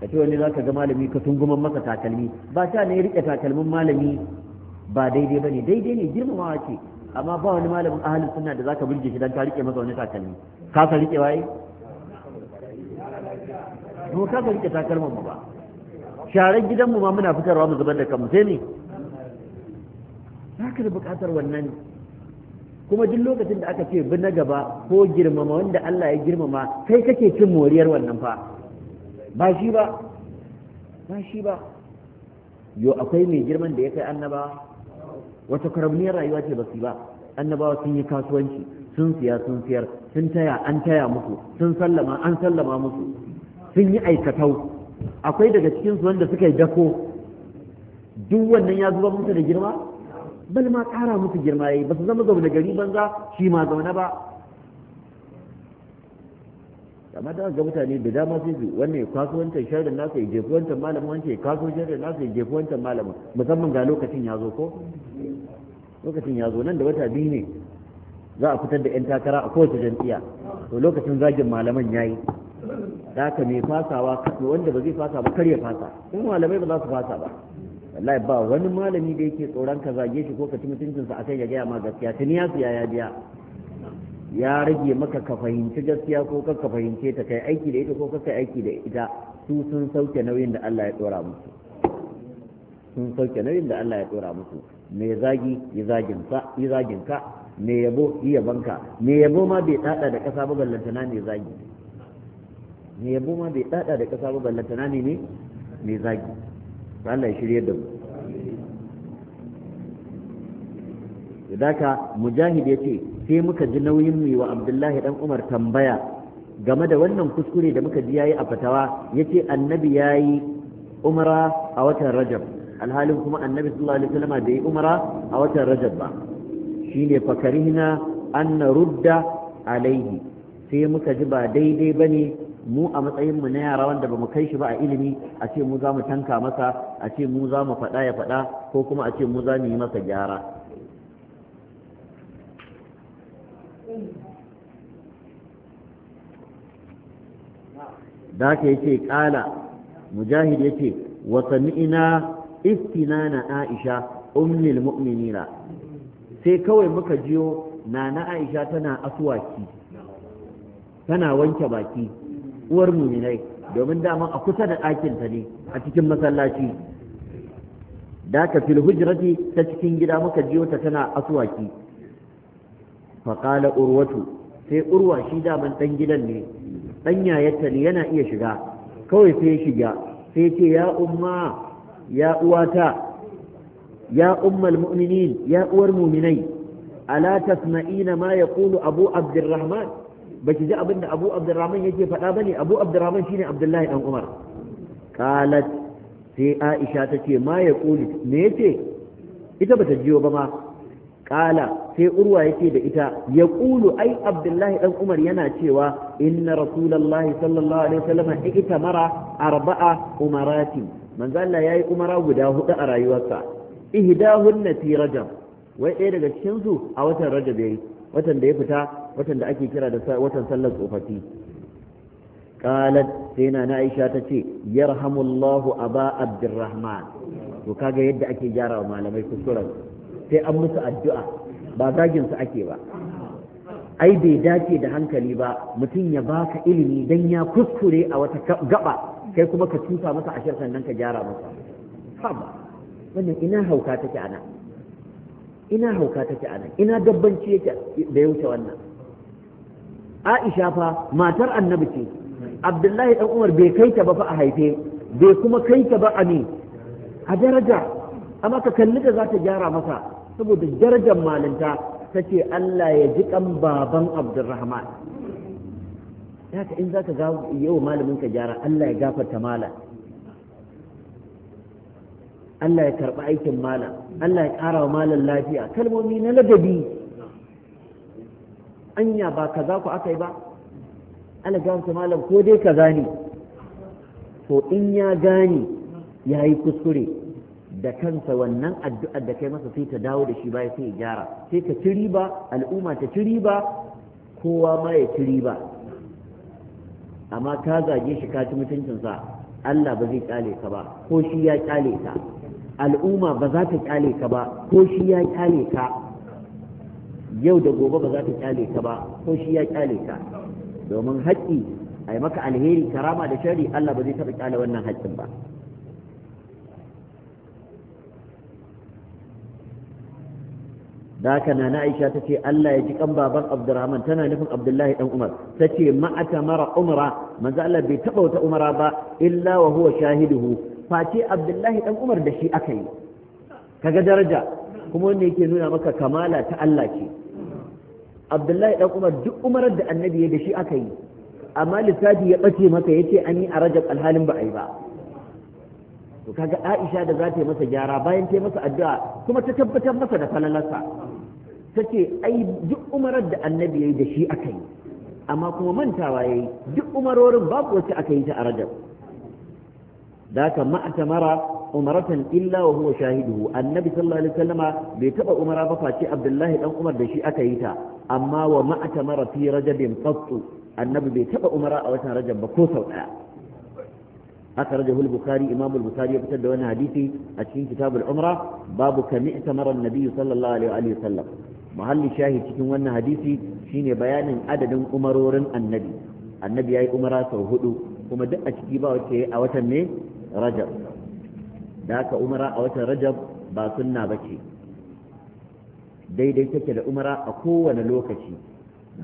ka ce wani zaka ga malami ka tunguman masa takalmi ba ta ne rike takalmin malami ba daidai ba ne daidai ne girmamawa ce amma ba wani malamin ahalin sunna da zaka burge shi dan ka rike masa wani takalmi ka san rike waye mu ka san rike takalman mu ba sharar gidan mu ma muna fitarwa mu zubar da kanmu sai ne zaka da bukatar wannan kuma duk lokacin da aka ce bi na gaba ko girmama wanda Allah ya girmama kai kake cin moriyar wannan fa ba shi ba ba shi ba yo akwai mai girman da ya kai annaba wata karamniyar rayuwa ce ba basu ba annabawa sun yi kasuwanci sun siya sun siyar sun taya an taya musu sun sallama an sallama musu sun yi aikatau akwai daga cikin su wanda suka yi dako duk wannan ya zuba musu da girma bal ma ƙara musu girma yayi ba su zama zaune gari banza shi ma zaune ba amma da ga mutane da dama sai su wannan kasuwancin kwaso wancan sharrin nasa ya jefi wancan malamin wancan ya kwaso sharrin nasa ya jefi wancan malamin musamman ga lokacin ya zo ko lokacin ya zo nan da wata biyu ne za a fitar da 'yan takara a kowace jam'iyya to lokacin zagin malaman ya yi da haka mai fasawa wanda ba zai fasa ba kar ya fasa in malamai ba za su fasa ba wallahi ba wani malami da yake tsoron ka zage shi ko ka ci mutuncinsa akai ya gaya ma gaskiya tuni ya su yaya biya ya rage maka ka fahimci gaskiya ko ka ka fahimce ta kai aiki da ita ko ka kai aiki da ita su sun sauke nauyin da Allah ya tsora musu sun sauke nauyin da Allah ya tsora musu me zagi ya zagin sa ya zagin ka me yabo ya ka me yabo ma bai tsada da kasa ba na ne zagi me yabo ma bai tsada da kasa ba ballanta ne ne me zagi Allah ya shirye da mu da ka mujahid ya ce sai muka ji nauyin mu wa abdullahi dan umar tambaya game da wannan kuskure da muka ji yayi a fatawa yace annabi yayi umra a watan rajab alhalin kuma annabi sallallahu alaihi wasallam bai yi umra a watan rajab ba shine fakarina an narudda alaihi sai muka ji ba daidai bane mu a matsayin mu na yara wanda bamu kai shi ba a ilimi a ce mu za mu tanka masa a ce mu za mu faɗa ya faɗa ko kuma a ce mu za mu yi masa gyara da yace kala mujahid yace wa sami'na istinana aisha ummul mu'minina sai kawai muka jiyo nana aisha tana aswaki tana wanke baki uwar muminai domin dama a kusa da ɗakinta ne a cikin masallaci da ka fil hujrati ta cikin gida muka jiyo ta tana aswaki faƙala urwatu sai urwa shi daman ɗan gidan ne dan yayarta ne yana iya shiga kawai sai ya shiga sai ya ce ya umma ya uwata ya ummal mu'minin ya uwar muminai ala tasma'ina ma yaqulu abu abdurrahman baki ji abinda abu abdurrahman yake faɗa bane abu abdurrahman shine abdullahi dan umar qalat sai aisha tace ma yaqulu me yace ita bata jiyo ba ma Ƙala sai urwa yake da ita ya qulu ai abdullahi ɗan umar yana cewa inna rasulullahi sallallahu alaihi wasallam ita mara arba'a umarati Manzala ya yi umara guda hudu a rayuwarsa ihdahunna fi rajab wai ɗaya daga cikin su a watan rajab yayi watan da ya fita watan da ake kira da sallar tsofaffi Ƙala sai na Aisha ta tace yarhamullahu aba abdurrahman to kaga yadda ake gyara wa malamai kuskuren sai an musu addu'a ba zagin su ake ba ai bai dace da hankali ba mutum ya baka ilimi dan ya kuskure a wata gaba kai kuma ka tusa masa shirkan sannan ka gyara masa haba wannan ina hauka take anan ina hauka take anan ina dabbanci yake da yauce wannan Aisha fa matar annabi ce Abdullahi dan Umar bai kai ta ba fa a haife bai kuma kai ta ba a ne a daraja amma ka kalli da za ta gyara masa saboda jarjan malinta ta ce Allah ya ji kan baban Abdurrahman ya ka in za ka yau malamin ka gyara Allah ya gafarta malam Allah ya karɓi aikin malam Allah ya ƙara wa malam lafiya kalmomi na ladabi anya ba kaza ku aka yi ba Allah gafarta malam ko dai kaza ne to in ya gani ya yi kuskure da kansa wannan addu'ar da kai masa sai ta dawo da shi baya sai ya gyara sai ka ci riba al'umma ta ci riba kowa ma ya ci riba amma ka zage shi ka ci mutuncinsa Allah ba zai kyale ka ba ko shi ya kyale ka al'umma ba za ta kyale ka ba ko shi ya kyale ka yau da gobe ba za ta kyale ka ba ko shi ya kyale ka domin haƙƙi a maka alheri karama da shari Allah ba zai taɓa kyale wannan haƙƙin ba da haka na aisha ta ce Allah ya ji kan baban abdurrahman tana nufin abdullahi dan umar ta ce ma'ata mara umra manzo Allah bai taba wata umara ba illa wa huwa shahiduhu face abdullahi dan umar da shi aka yi kaga daraja kuma wanda yake nuna maka kamala ta Allah ce abdullahi dan umar duk umarar da annabi ya da shi aka yi amma lissafi ya bace maka yace an yi a rajab alhalin ba a yi ba to kaga Aisha da za ta yi masa gyara bayan ta yi masa addu'a kuma ta tabbatar masa da falalarsa ta ce ai duk umarar da annabi ya yi da shi aka yi amma kuma mantawa ya yi duk umarorin babu wacce aka yi ta a rajab da ka mara umaratan illa wa huwa shahiduhu annabi sallallahu alaihi wasallama bai taba umara ba face abdullahi dan umar da shi aka yi ta amma wa ma'atamara fi rajabin qattu annabi bai taba umara a watan rajab ba ko sau daya haka rajahul bukhari imam al-bukhari ya fitar da wani hadisi a cikin kitabul umra babu kami tamara annabi sallallahu alaihi wa sallam muhalli shahid cikin wannan hadisi shine bayanin adadin umarorin annabi annabi ya yi umara sau hudu kuma duk a ciki ba wace a watan ne rajab da haka umara a watan rajab ba sunna ba ce daidai take da umara a kowane lokaci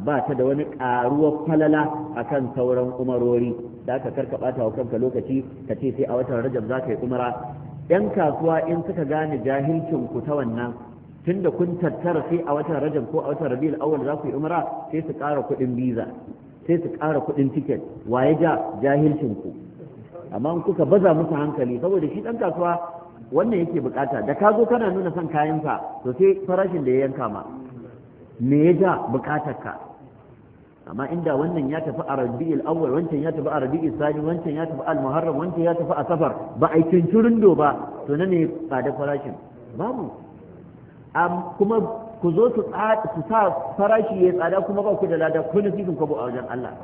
ba ta da wani ƙaruwar falala a kan sauran umarori da ka karka ɓata wa kanka lokaci ka ce sai a watan rajab za ka yi umara 'yan kasuwa in suka gane jahilcin ku ta wannan tunda kun tattara sai a watan rajab ko a watan rabiul awwal za ku yi umra sai su ƙara kuɗin visa sai su ƙara kuɗin tiket waye ja jahilcin ku amma kuka baza musu hankali saboda shi ɗan kasuwa wannan yake bukata da ka zo kana nuna son kayansa to sai farashin da ya yanka ma me ya ja bukatar ka amma inda wannan ya tafi a rabiul awwal wancan ya tafi a rabiul sani wancan ya tafi al muharram wancan ya tafi a safar ba a yi cincirindo ba to nan ne da farashin babu kuma ku zo su sa farashi ya tsada kuma ba ku da lada ku nasibin kwabo a wajen Allah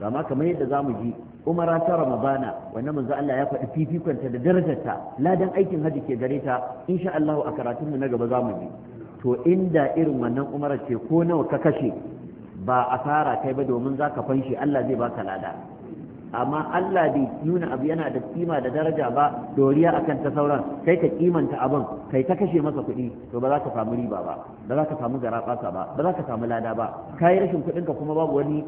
amma kamar yadda za mu ji umara ta ramadana wannan manzo Allah ya faɗi fifikonta da darajarta ladan aikin haji ke gare ta insha Allah a karatunmu na gaba za mu ji to inda irin wannan umara ce ko nawa ka kashe ba asara kai ba domin za ka fanshi Allah zai baka lada amma Allah bai nuna abu yana da kima da daraja ba doriya akan ta sauran kai ka kimanta abun kai ta kashe masa kuɗi to ba za ka samu riba ba ba za ka samu garaɓasa ba ba za ka samu lada ba kai rashin kuɗin ka kuma babu wani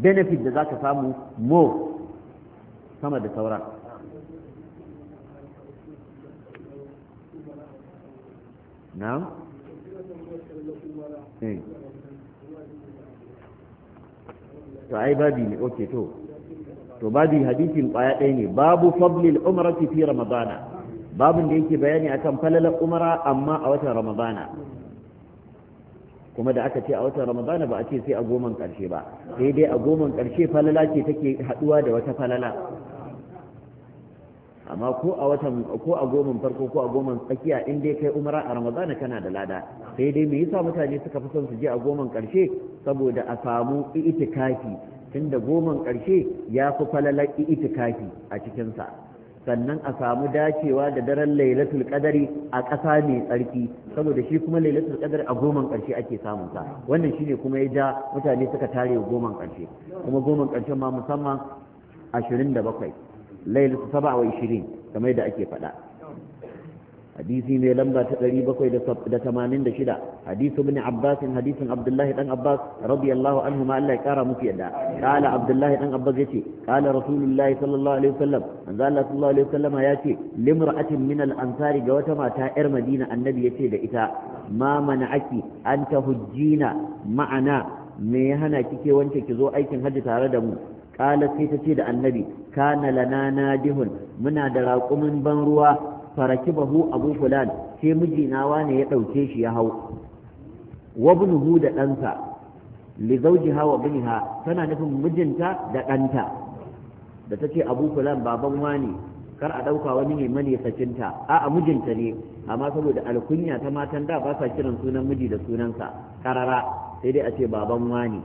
benefit da za ka samu mo sama da sauran na'am eh. to ai babi ne okay to to babu hadisin kwaya ɗaya ne babu fablil umrati fi ramadana babun da yake bayani akan falalar umara amma a watan ramadana kuma da aka ce a watan ramadana ba a ce sai a goman karshe ba sai dai a goman karshe falala ce take haduwa da wata falala amma ko a watan ko a goman farko ko a goman tsakiya in dai kai umara a ramadana kana da lada sai dai me yasa mutane suka fi son su je a goman karshe saboda a samu itikafi tunda goman ƙarshe ya fi falalar itikafi a cikinsa sannan a samu dacewa da daren lailatul qadari a ƙasa mai tsarki saboda shi kuma lailatul qadar a goman ƙarshe ake samun sa wannan shine kuma ya ja mutane suka tare goman ƙarshe kuma goman ƙarshen ma musamman 27 lailatul 27 kamar da ake faɗa hadisi mai lamba ta ɗari bakwai da tamanin 786 hadisu ibn Abbas in hadisin Abdullahi dan Abbas radiyallahu anhu ma Allah ya kara musu yadda kala Abdullahi dan Abbas yace kala Rasulullahi sallallahu alaihi wasallam manzo Allah sallallahu alaihi wasallam ce limra'atin min al-ansari ga wata mata yar Madina annabi yace da ita ma mana'aki an tahujjina ma'ana me ya hana kike wance ki zo aikin hajji tare da mu kala sai ta ce da annabi kana lana nadihun muna da raƙumin ban ruwa bahu abu fulan sai mijinawa ne ya ɗauke shi ya hau wabnuhu da ɗansa li zawjiha wa tana nufin mijinta da ɗanta da ta ce abu fulan baban wani kar a ɗauka wani ne sakinta a a mijinta ne amma saboda alkunya ta matan da ba sa kiran sunan miji da sunansa karara sai dai a ce baban wani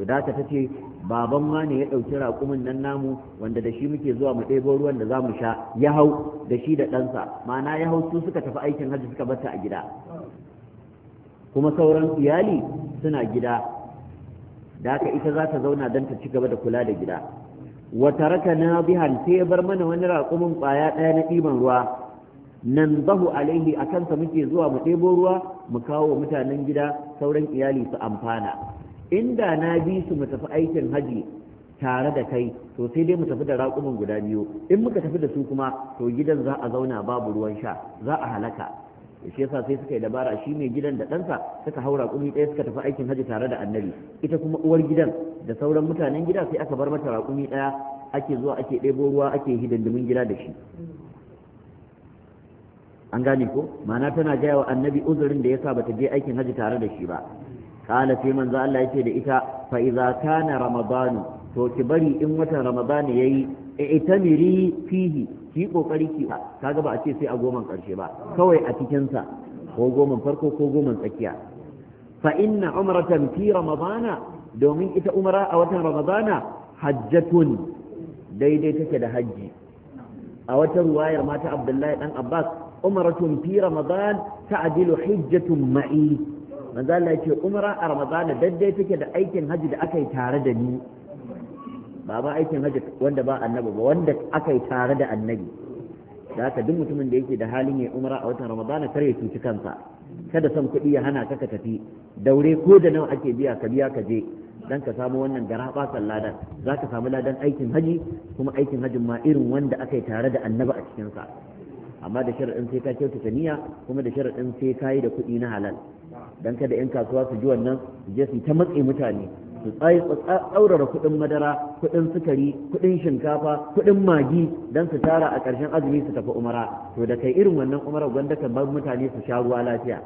to da ta ce baban ma ne ya ɗauki raƙumin nan namu wanda da shi muke zuwa mu ɗebo ruwan da za mu sha ya hau da shi da ɗansa ma'ana ya hau su suka tafi aikin hajji suka bata a gida kuma sauran iyali suna gida da haka ita za ta zauna don ta ci gaba da kula da gida Wata raka na bihan sai ya bar mana wani raƙumin ƙwaya ɗaya na ɗiban ruwa nan bahu alaihi a kansa muke zuwa mu ɗebo ruwa mu kawo mutanen gida sauran iyali su amfana inda na bi su mu tafi aikin haji tare da kai to sai dai mu tafi da raƙumin guda biyu in muka tafi da su kuma to gidan za a zauna babu ruwan sha za a halaka da shi yasa sai suka yi dabara shi ne gidan da ɗansa suka hau raƙumi ɗaya suka tafi aikin haji tare da annabi ita kuma uwar gidan da sauran mutanen gida sai aka bar mata raƙumi ɗaya ake zuwa ake ɗebo ruwa ake hidindimin gida da shi an gane ko ma'ana tana gaya wa annabi uzurin da ya yasa bata je aikin haji tare da shi ba kala sai manzo Allah yace da ita fa idza kana ramadanu to ki bari in watan ramadan yayi i'tamiri fihi ki kokari ki kaga ba a ce sai a goman karshe ba kawai a cikin sa ko goman farko ko goman tsakiya fa inna umratan fi ramadana domin ita umra a watan ramadana hajjatun daidai take da hajji a wata ruwayar mata abdullahi dan abbas umratun fi ramadan ta'dilu hijjatun ma'i manzo Allah yake umra a ramadan daddai take da aikin haji da aka yi tare da ni ba aikin haji wanda ba annabi ba wanda aka yi tare da annabi da haka duk mutumin da yake da halin ya umra a watan ramadan kar ya cuci kansa kada son kuɗi ya hana ka ka tafi daure ko da nawa ake biya ka biya ka je dan ka samu wannan gara basan ladan za ka samu ladan aikin haji kuma aikin hajin ma irin wanda aka yi tare da annaba a cikinsa amma da shari'in sai ka kyautata niyya kuma da sharaɗin sai ka yi da kuɗi na halal don kada 'yan kasuwa su ji wannan su je su ta matse mutane su tsaurara kuɗin madara kuɗin sukari kuɗin shinkafa kuɗin magi don su tara a ƙarshen azumi su tafi umara to da kai irin wannan umara gwanda ka bar mutane su sha ruwa lafiya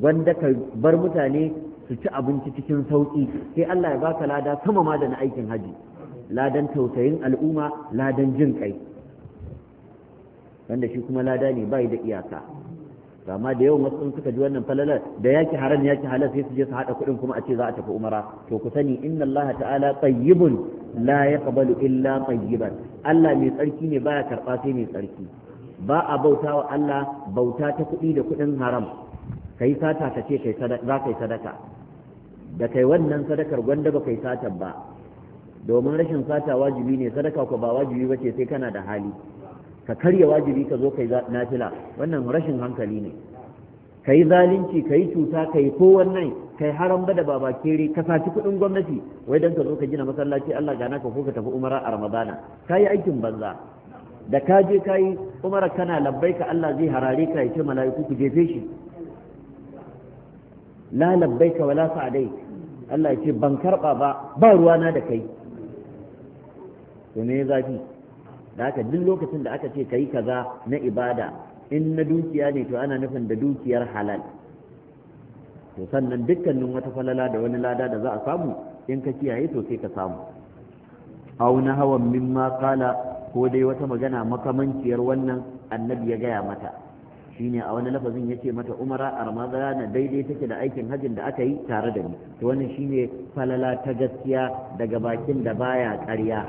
gwanda ka bar mutane su ci abinci cikin sauƙi sai Allah ya baka lada sama ma da na aikin hajji ladan tausayin al'umma ladan jin kai wanda shi kuma lada ne bai da iyaka amma da yau masu suka ji wannan falalar da yaki haram yaki halal sai su je su hada kuɗin kuma a ce za a tafi umara to ku sani inna Allah ta'ala tayyibun la yaqbalu illa tayyiban Allah mai tsarki ne baya karba sai mai tsarki ba a bauta wa Allah bauta ta kuɗi da kuɗin haram kai sata ka ce kai sadaka za kai sadaka da kai wannan sadakar gwanda ba kai satan ba domin rashin sata wajibi ne sadaka ko ba wajibi ce sai kana da hali ka karya wajibi ka zo kai nafila wannan rashin hankali ne ka yi zalunci ka yi cuta ka yi kowannan ka yi haram da baba kere ka saci kuɗin gwamnati wai don ka zo ka gina masallaci Allah gana ka ko ka tafi umara a ramadana ka yi aikin banza da ka je ka yi umara kana labbai Allah zai harare ka ya ce mala'iku ku jefe shi la labbai ka wala sa'adai Allah ya ce ban karɓa ba ba ruwana da kai to me zafi da haka duk lokacin da aka ce ka yi kaza na ibada in na dukiya ne to ana nufin da dukiyar halal to sannan dukkanin wata falala da wani lada da za a samu in ka kiyaye to sai ka samu aw na hawan mimma qala ko dai wata magana makamanciyar wannan annabi ya gaya mata shine a wani lafazin yace mata umara armazara daidai take da aikin hajin da aka yi tare da ni to wannan shine falala ta gaskiya daga bakin da baya ƙarya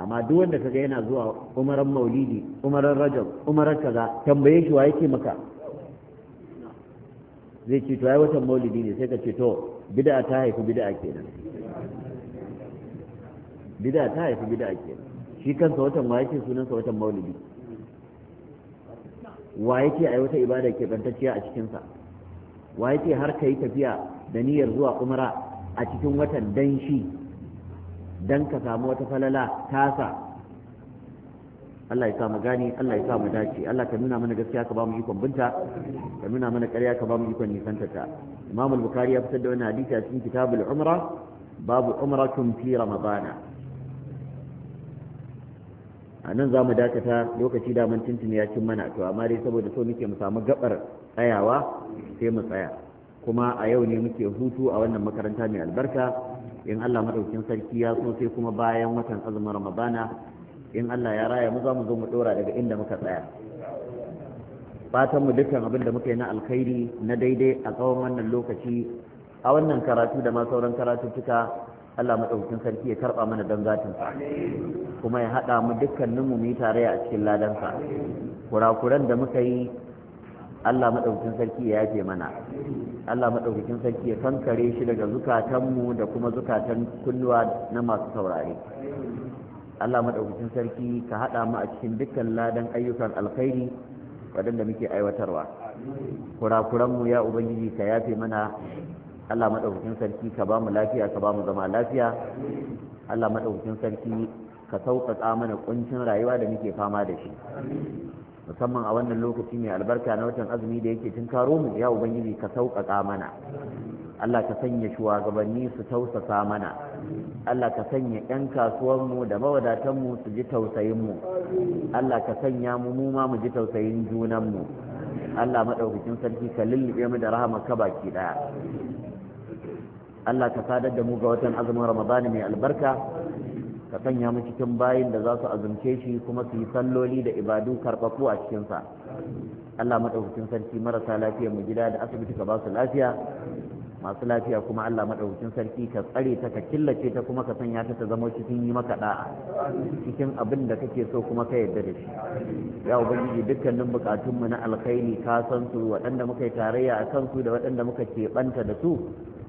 amma duk wanda kaga yana zuwa umaran maulidi umaran rajab umaran kaza tambaye shi wa yake maka zai ce to ai watan maulidi ne sai ka ce to bid'a ta haifi bid'a kenan bid'a ta haifi bid'a kenan shi kansa watan wa yake sunansa watan maulidi wa yake ai wata ibada ke bantacciya a cikin sa wa yake har kai tafiya da niyyar zuwa umara a cikin watan dan shi dan ka samu wata falala tasa Allah ya sa mu gani Allah ya sa mu dace Allah ka nuna mana gaskiya ka ba mu ikon binta ka nuna mana ƙarya ka ba mu ikon nisanta ta Imam al-Bukhari ya fitar da wannan hadisi a cikin Kitabul Umra babu umratun fi Ramadan a nan za mu dakata lokaci da mun tuntuni ya cin mana to amma dai saboda so muke mu samu gabar tsayawa sai mu tsaya kuma a yau ne muke hutu a wannan makaranta mai albarka in Allah madaukin sarki ya so sai kuma bayan watan azumin ramadana in Allah ya raya mu za mu zo mu dora daga inda muka tsaya fatan mu dukkan abin da muka yi na alkhairi na daidai a tsawon wannan lokaci a wannan karatu da ma sauran karatuttuka Allah madaukin sarki ya karba mana dan zatin sa kuma ya hada mu dukkanin mu mu tarayya a cikin ladan sa kurakuran da muka yi Allah maɗaukakin sarki ya yafe mana Allah maɗaukakin sarki ya kankare shi daga zukatanmu da kuma zukatan kunnuwa na masu saurare Allah maɗaukakin sarki ka haɗa mu a cikin dukkan ladan ayyukan alkhairi waɗanda muke aiwatarwa kurakuranmu ya ubangiji ka yafe mana Allah maɗaukakin sarki ka ba mu lafiya ka ba mu zama lafiya Allah maɗaukakin sarki ka sauƙaƙa mana ƙuncin rayuwa da muke fama da shi musamman a wannan lokaci mai albarka na watan azumi da yake tun karo mu ya ubangiji ka sauƙaƙa mana Allah ka sanya shugabanni su tausasa mana Allah ka sanya 'yan kasuwanmu da mawadatanmu su ji tausayinmu Allah ka sanya mu mu ma mu ji tausayin junanmu Allah maɗaukakin sarki ka lullube mu da rahama ka baki ɗaya Allah ka sadar da mu ga watan azumin Ramadan mai albarka ka sanya mu cikin bayin da za su azumce shi kuma su yi salloli da ibadu karɓaɓɓu a cikinsa Allah maɗaukakin sarki marasa lafiya mu gida da asibiti ka ba su lafiya masu lafiya kuma Allah maɗaukakin sarki ka tsare ta ka killace ta kuma ka sanya ta ta zama cikin yi maka ɗa'a cikin abin da kake so kuma ka yarda da shi ya ubangiji dukkanin bukatunmu na alkhairi ka san su waɗanda muka yi tarayya a kansu da waɗanda muka keɓanta da su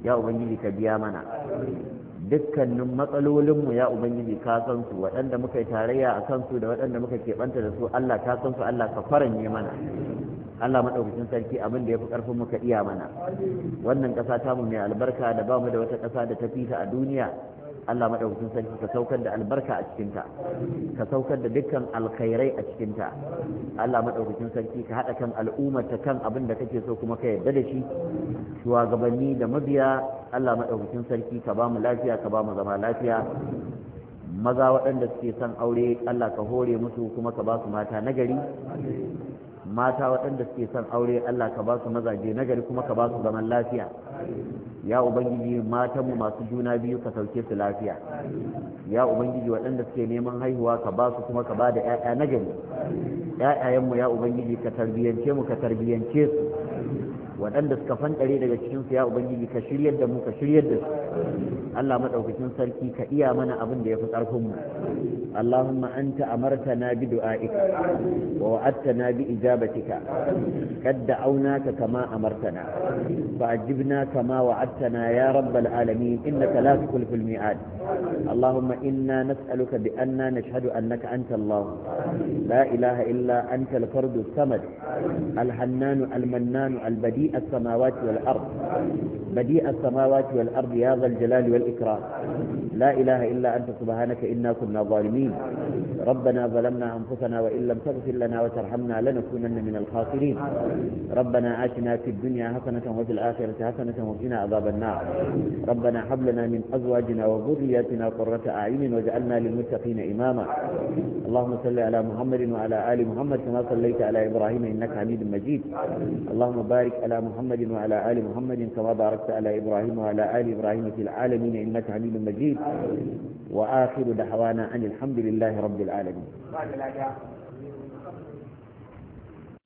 ya ubangiji ka biya mana dukkanin matsalolinmu ya ubangiji ka san su waɗanda muka yi tarayya a kansu da waɗanda muka keɓanta da su Allah ka san su Allah ka faranye mana Allah maɗaukacin sarki abin da ya fi ƙarfin ka iya mana wannan ƙasa tamu mai albarka da ba mu da wata ƙasa da ta fita a duniya Allah madaukakin sarki ka saukar da albarka a cikinta ka saukar da dukkan alkhairai a cikinta Allah madaukakin sarki ka haɗa kan al'ummar ta kan abin da kake so kuma ka yarda da shi shugabanni da mabiya Allah madaukakin sarki ka ba mu lafiya ka ba mu zama lafiya maza waɗanda suke son aure Allah ka hore musu kuma ka ba su mata nagari mata waɗanda suke son aure Allah ka ba su mazaje nagari kuma ka ba su zaman lafiya ya ubangiji matanmu masu juna biyu ka sauke su lafiya ya ubangiji waɗanda suke neman haihuwa ka ba su kuma ka ba da ƴaƴa na gari 'ya'yayenmu ya ubangiji ka tarbiyyance mu ka tarbiyyance su waɗanda suka fankare daga cikin su ya ubangiji ka shiryar da mu ka shiryar da su Allah madaukakin sarki ka iya mana abin da fi ƙarfin mu Allahumma anta amartana bi du'aika wa wa'adtana bi ijabatika kad ka kama amartana fa ajibna kama wa'adtana ya rabbal alamin innaka la tukhlifu al mi'ad Allahumma inna nas'aluka bi anna nashhadu annaka anta Allah la ilaha illa anta al-fardu samad al hannanu, al-mannan al-badi السماوات والأرض بديع السماوات والأرض يا ذا الجلال والإكرام لا إله إلا أنت سبحانك إنا كنا ظالمين ربنا ظلمنا أنفسنا وإن لم تغفر لنا وترحمنا لنكونن من الخاسرين ربنا آتنا في الدنيا حسنة وفي الآخرة حسنة وقنا عذاب النار ربنا حب لنا من أزواجنا وذرياتنا قرة أعين واجعلنا للمتقين إماما اللهم صل على محمد وعلى آل محمد كما صليت على إبراهيم إنك حميد مجيد اللهم بارك على محمد وعلى آل محمد كما بارك باركت على إبراهيم وعلى آل إبراهيم في العالمين إنك حميد مجيد وآخر دعوانا أن الحمد لله رب العالمين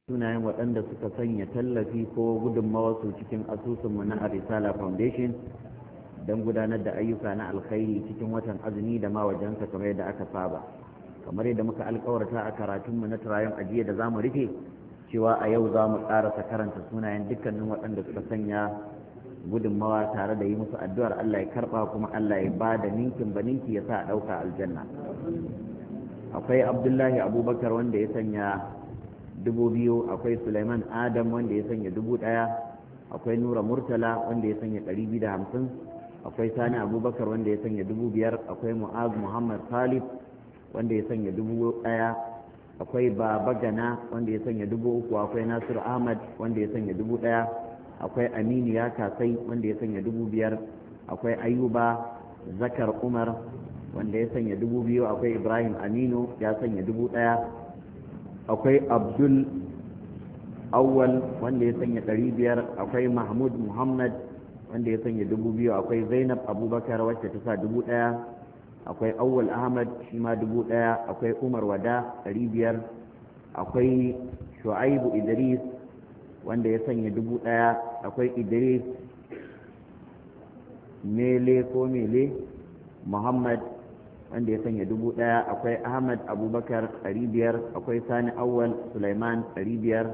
sunayen waɗanda suka sanya tallafi ko su cikin asusunmu na arisala foundation don gudanar da ayyuka na alkhairi cikin watan azumi da mawajensa kamar yadda aka saba kamar yadda muka alkawarta a karatunmu na turayen ajiye da zamu rufe cewa a yau za mu ƙarasa karanta sunayen dukkanin waɗanda suka sanya gudunmawa tare da yi musu addu'ar Allah ya karba kuma Allah ya ba da ninkin ba ninki ya sa a ɗauka aljanna akwai abdullahi abubakar wanda ya sanya dubu biyu akwai suleiman adam wanda ya sanya dubu ɗaya akwai nura murtala wanda ya sanya ɗari biyu da hamsin akwai sani abubakar wanda ya sanya dubu biyar akwai mu'az muhammad salif wanda ya sanya dubu ɗaya akwai baba gana wanda ya sanya dubu uku akwai nasiru ahmad wanda ya sanya dubu ɗaya akwai aminu ya kasai wanda ya sanya dubu biyar akwai ayuba zakar umar wanda ya sanya dubu biyu akwai ibrahim aminu ya sanya dubu daya akwai abdul awwal wanda ya sanya dari biyar akwai mahmud muhammad wanda ya sanya dubu biyu akwai zainab abubakar wacce ta sa dubu daya akwai awwal ahmad shi ma dubu daya akwai umar wada dari biyar akwai shu'aibu idris wanda ya sanya dubu ɗaya akwai idris mele ko mele muhammad wanda ya sanya dubu ɗaya akwai ahmad abubakar ɗari biyar akwai sani awal suleiman ɗari biyar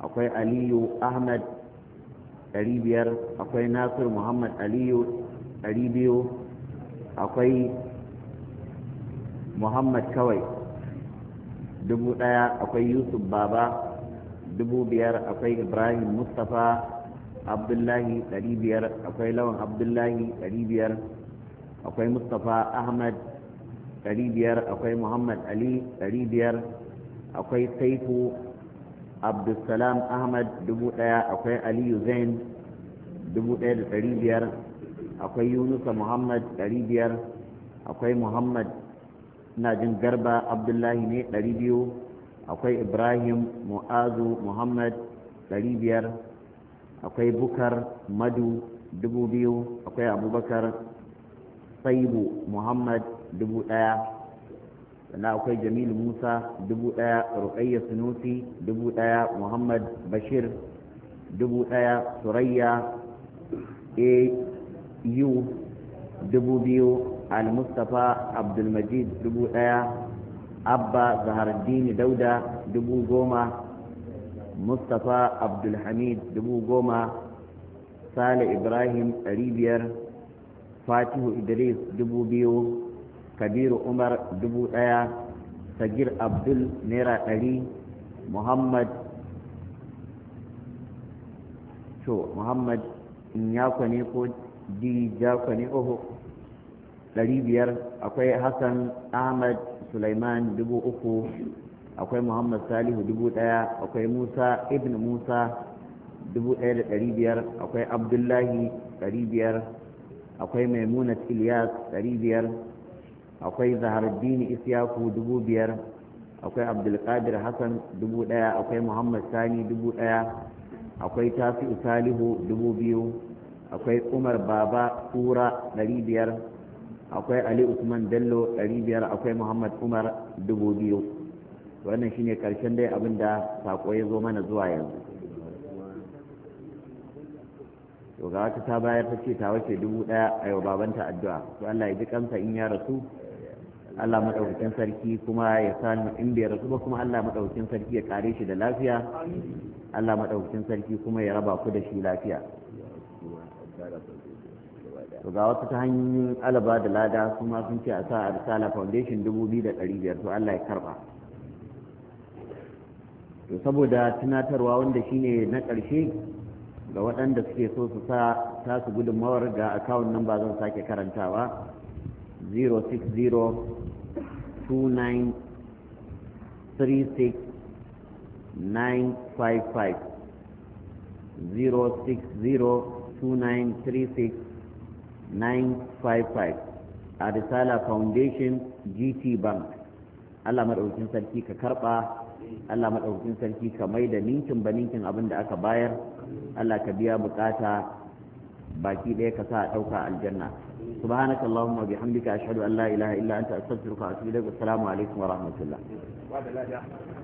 akwai aliyu ahmad ɗari biyar akwai nasir muhammad aliyu ɗari biyu akwai muhammad kawai dubu ɗaya akwai yusuf baba dubu biyar akwai ibrahim mustapha abdullahi ɗari biyar akwai lawan abdullahi ɗari biyar akwai mustapha ahmad ɗari biyar akwai muhammad ali ɗari biyar akwai saifu abdulsalam ahmad dubu ɗaya akwai aliyu zain dubu ɗaya da ɗari biyar akwai yunusa muhammad ɗari biyar akwai muhammad na jin garba abdullahi ne ɗari biyu akwai ibrahim mu'azu muhammad 500 akwai bukar madu 2000 akwai abubakar saibu muhammad 1000 sannan akwai jamilu musa 1000 ruqayya sunusi 1000 muhammad bashir 1000 surayya au 2000 al mustapha abdulmajid 1000 abba zaharddini dauda dubu goma mustapha abdulhamid dubu goma sale ibrahim ɗari biyar fatihu idris dubu biyu kabiru umar dubu ɗaya sagir abdul naira ɗari muhammad to muhammad in ne ko di jakwa ne oho ɗari biyar akwai hassan ahmad sulaiman dubu uku akwai muhammad salihu dubu ɗaya akwai musa ibn musa dubu ɗaya da ɗari biyar akwai abdullahi ɗari biyar akwai maimunat ilyas ɗari biyar akwai zaharuddini isyaku dubu biyar akwai abdulkadir hassan dubu ɗaya akwai muhammad sani dubu ɗaya akwai tafi'u salihu dubu biyu akwai umar baba kura ɗari biyar akwai ali usman bello 500 akwai muhammad umar 2000 wannan shine karshen dai abin da sako ya zo mana zuwa yanzu to ga wata ta bayar ta ce ta wace dubu daya a yau babanta addu'a to Allah ya ji kansa in ya rasu Allah madaukakin sarki kuma ya san in bai rasu ba kuma Allah madaukakin sarki ya kare shi da lafiya Allah madaukakin sarki kuma ya raba ku da shi lafiya to ga wasu ta hanyoyin alaba da lada su ma sun ce a sa a risala foundation dubu biyu da ɗari biyar to allah ya karɓa to saboda tunatarwa wanda shine na ƙarshe ga waɗanda suke so su sa tasu gudunmawar ga akawun nan ba zan sake karantawa 06029369550602936 955 a risala foundation gt bank allah maɗaukin sarki ka karɓa allah maɗaukin sarki ka mai da ninkin ba ninkin abin da aka bayar allah ka biya bukata baki ɗaya ka sa a ɗauka aljanna subhanaka allahumma bihamdika ashhadu an la ilaha illa anta astaghfiruka wa atubu ilaik assalamu alaikum wa rahmatullah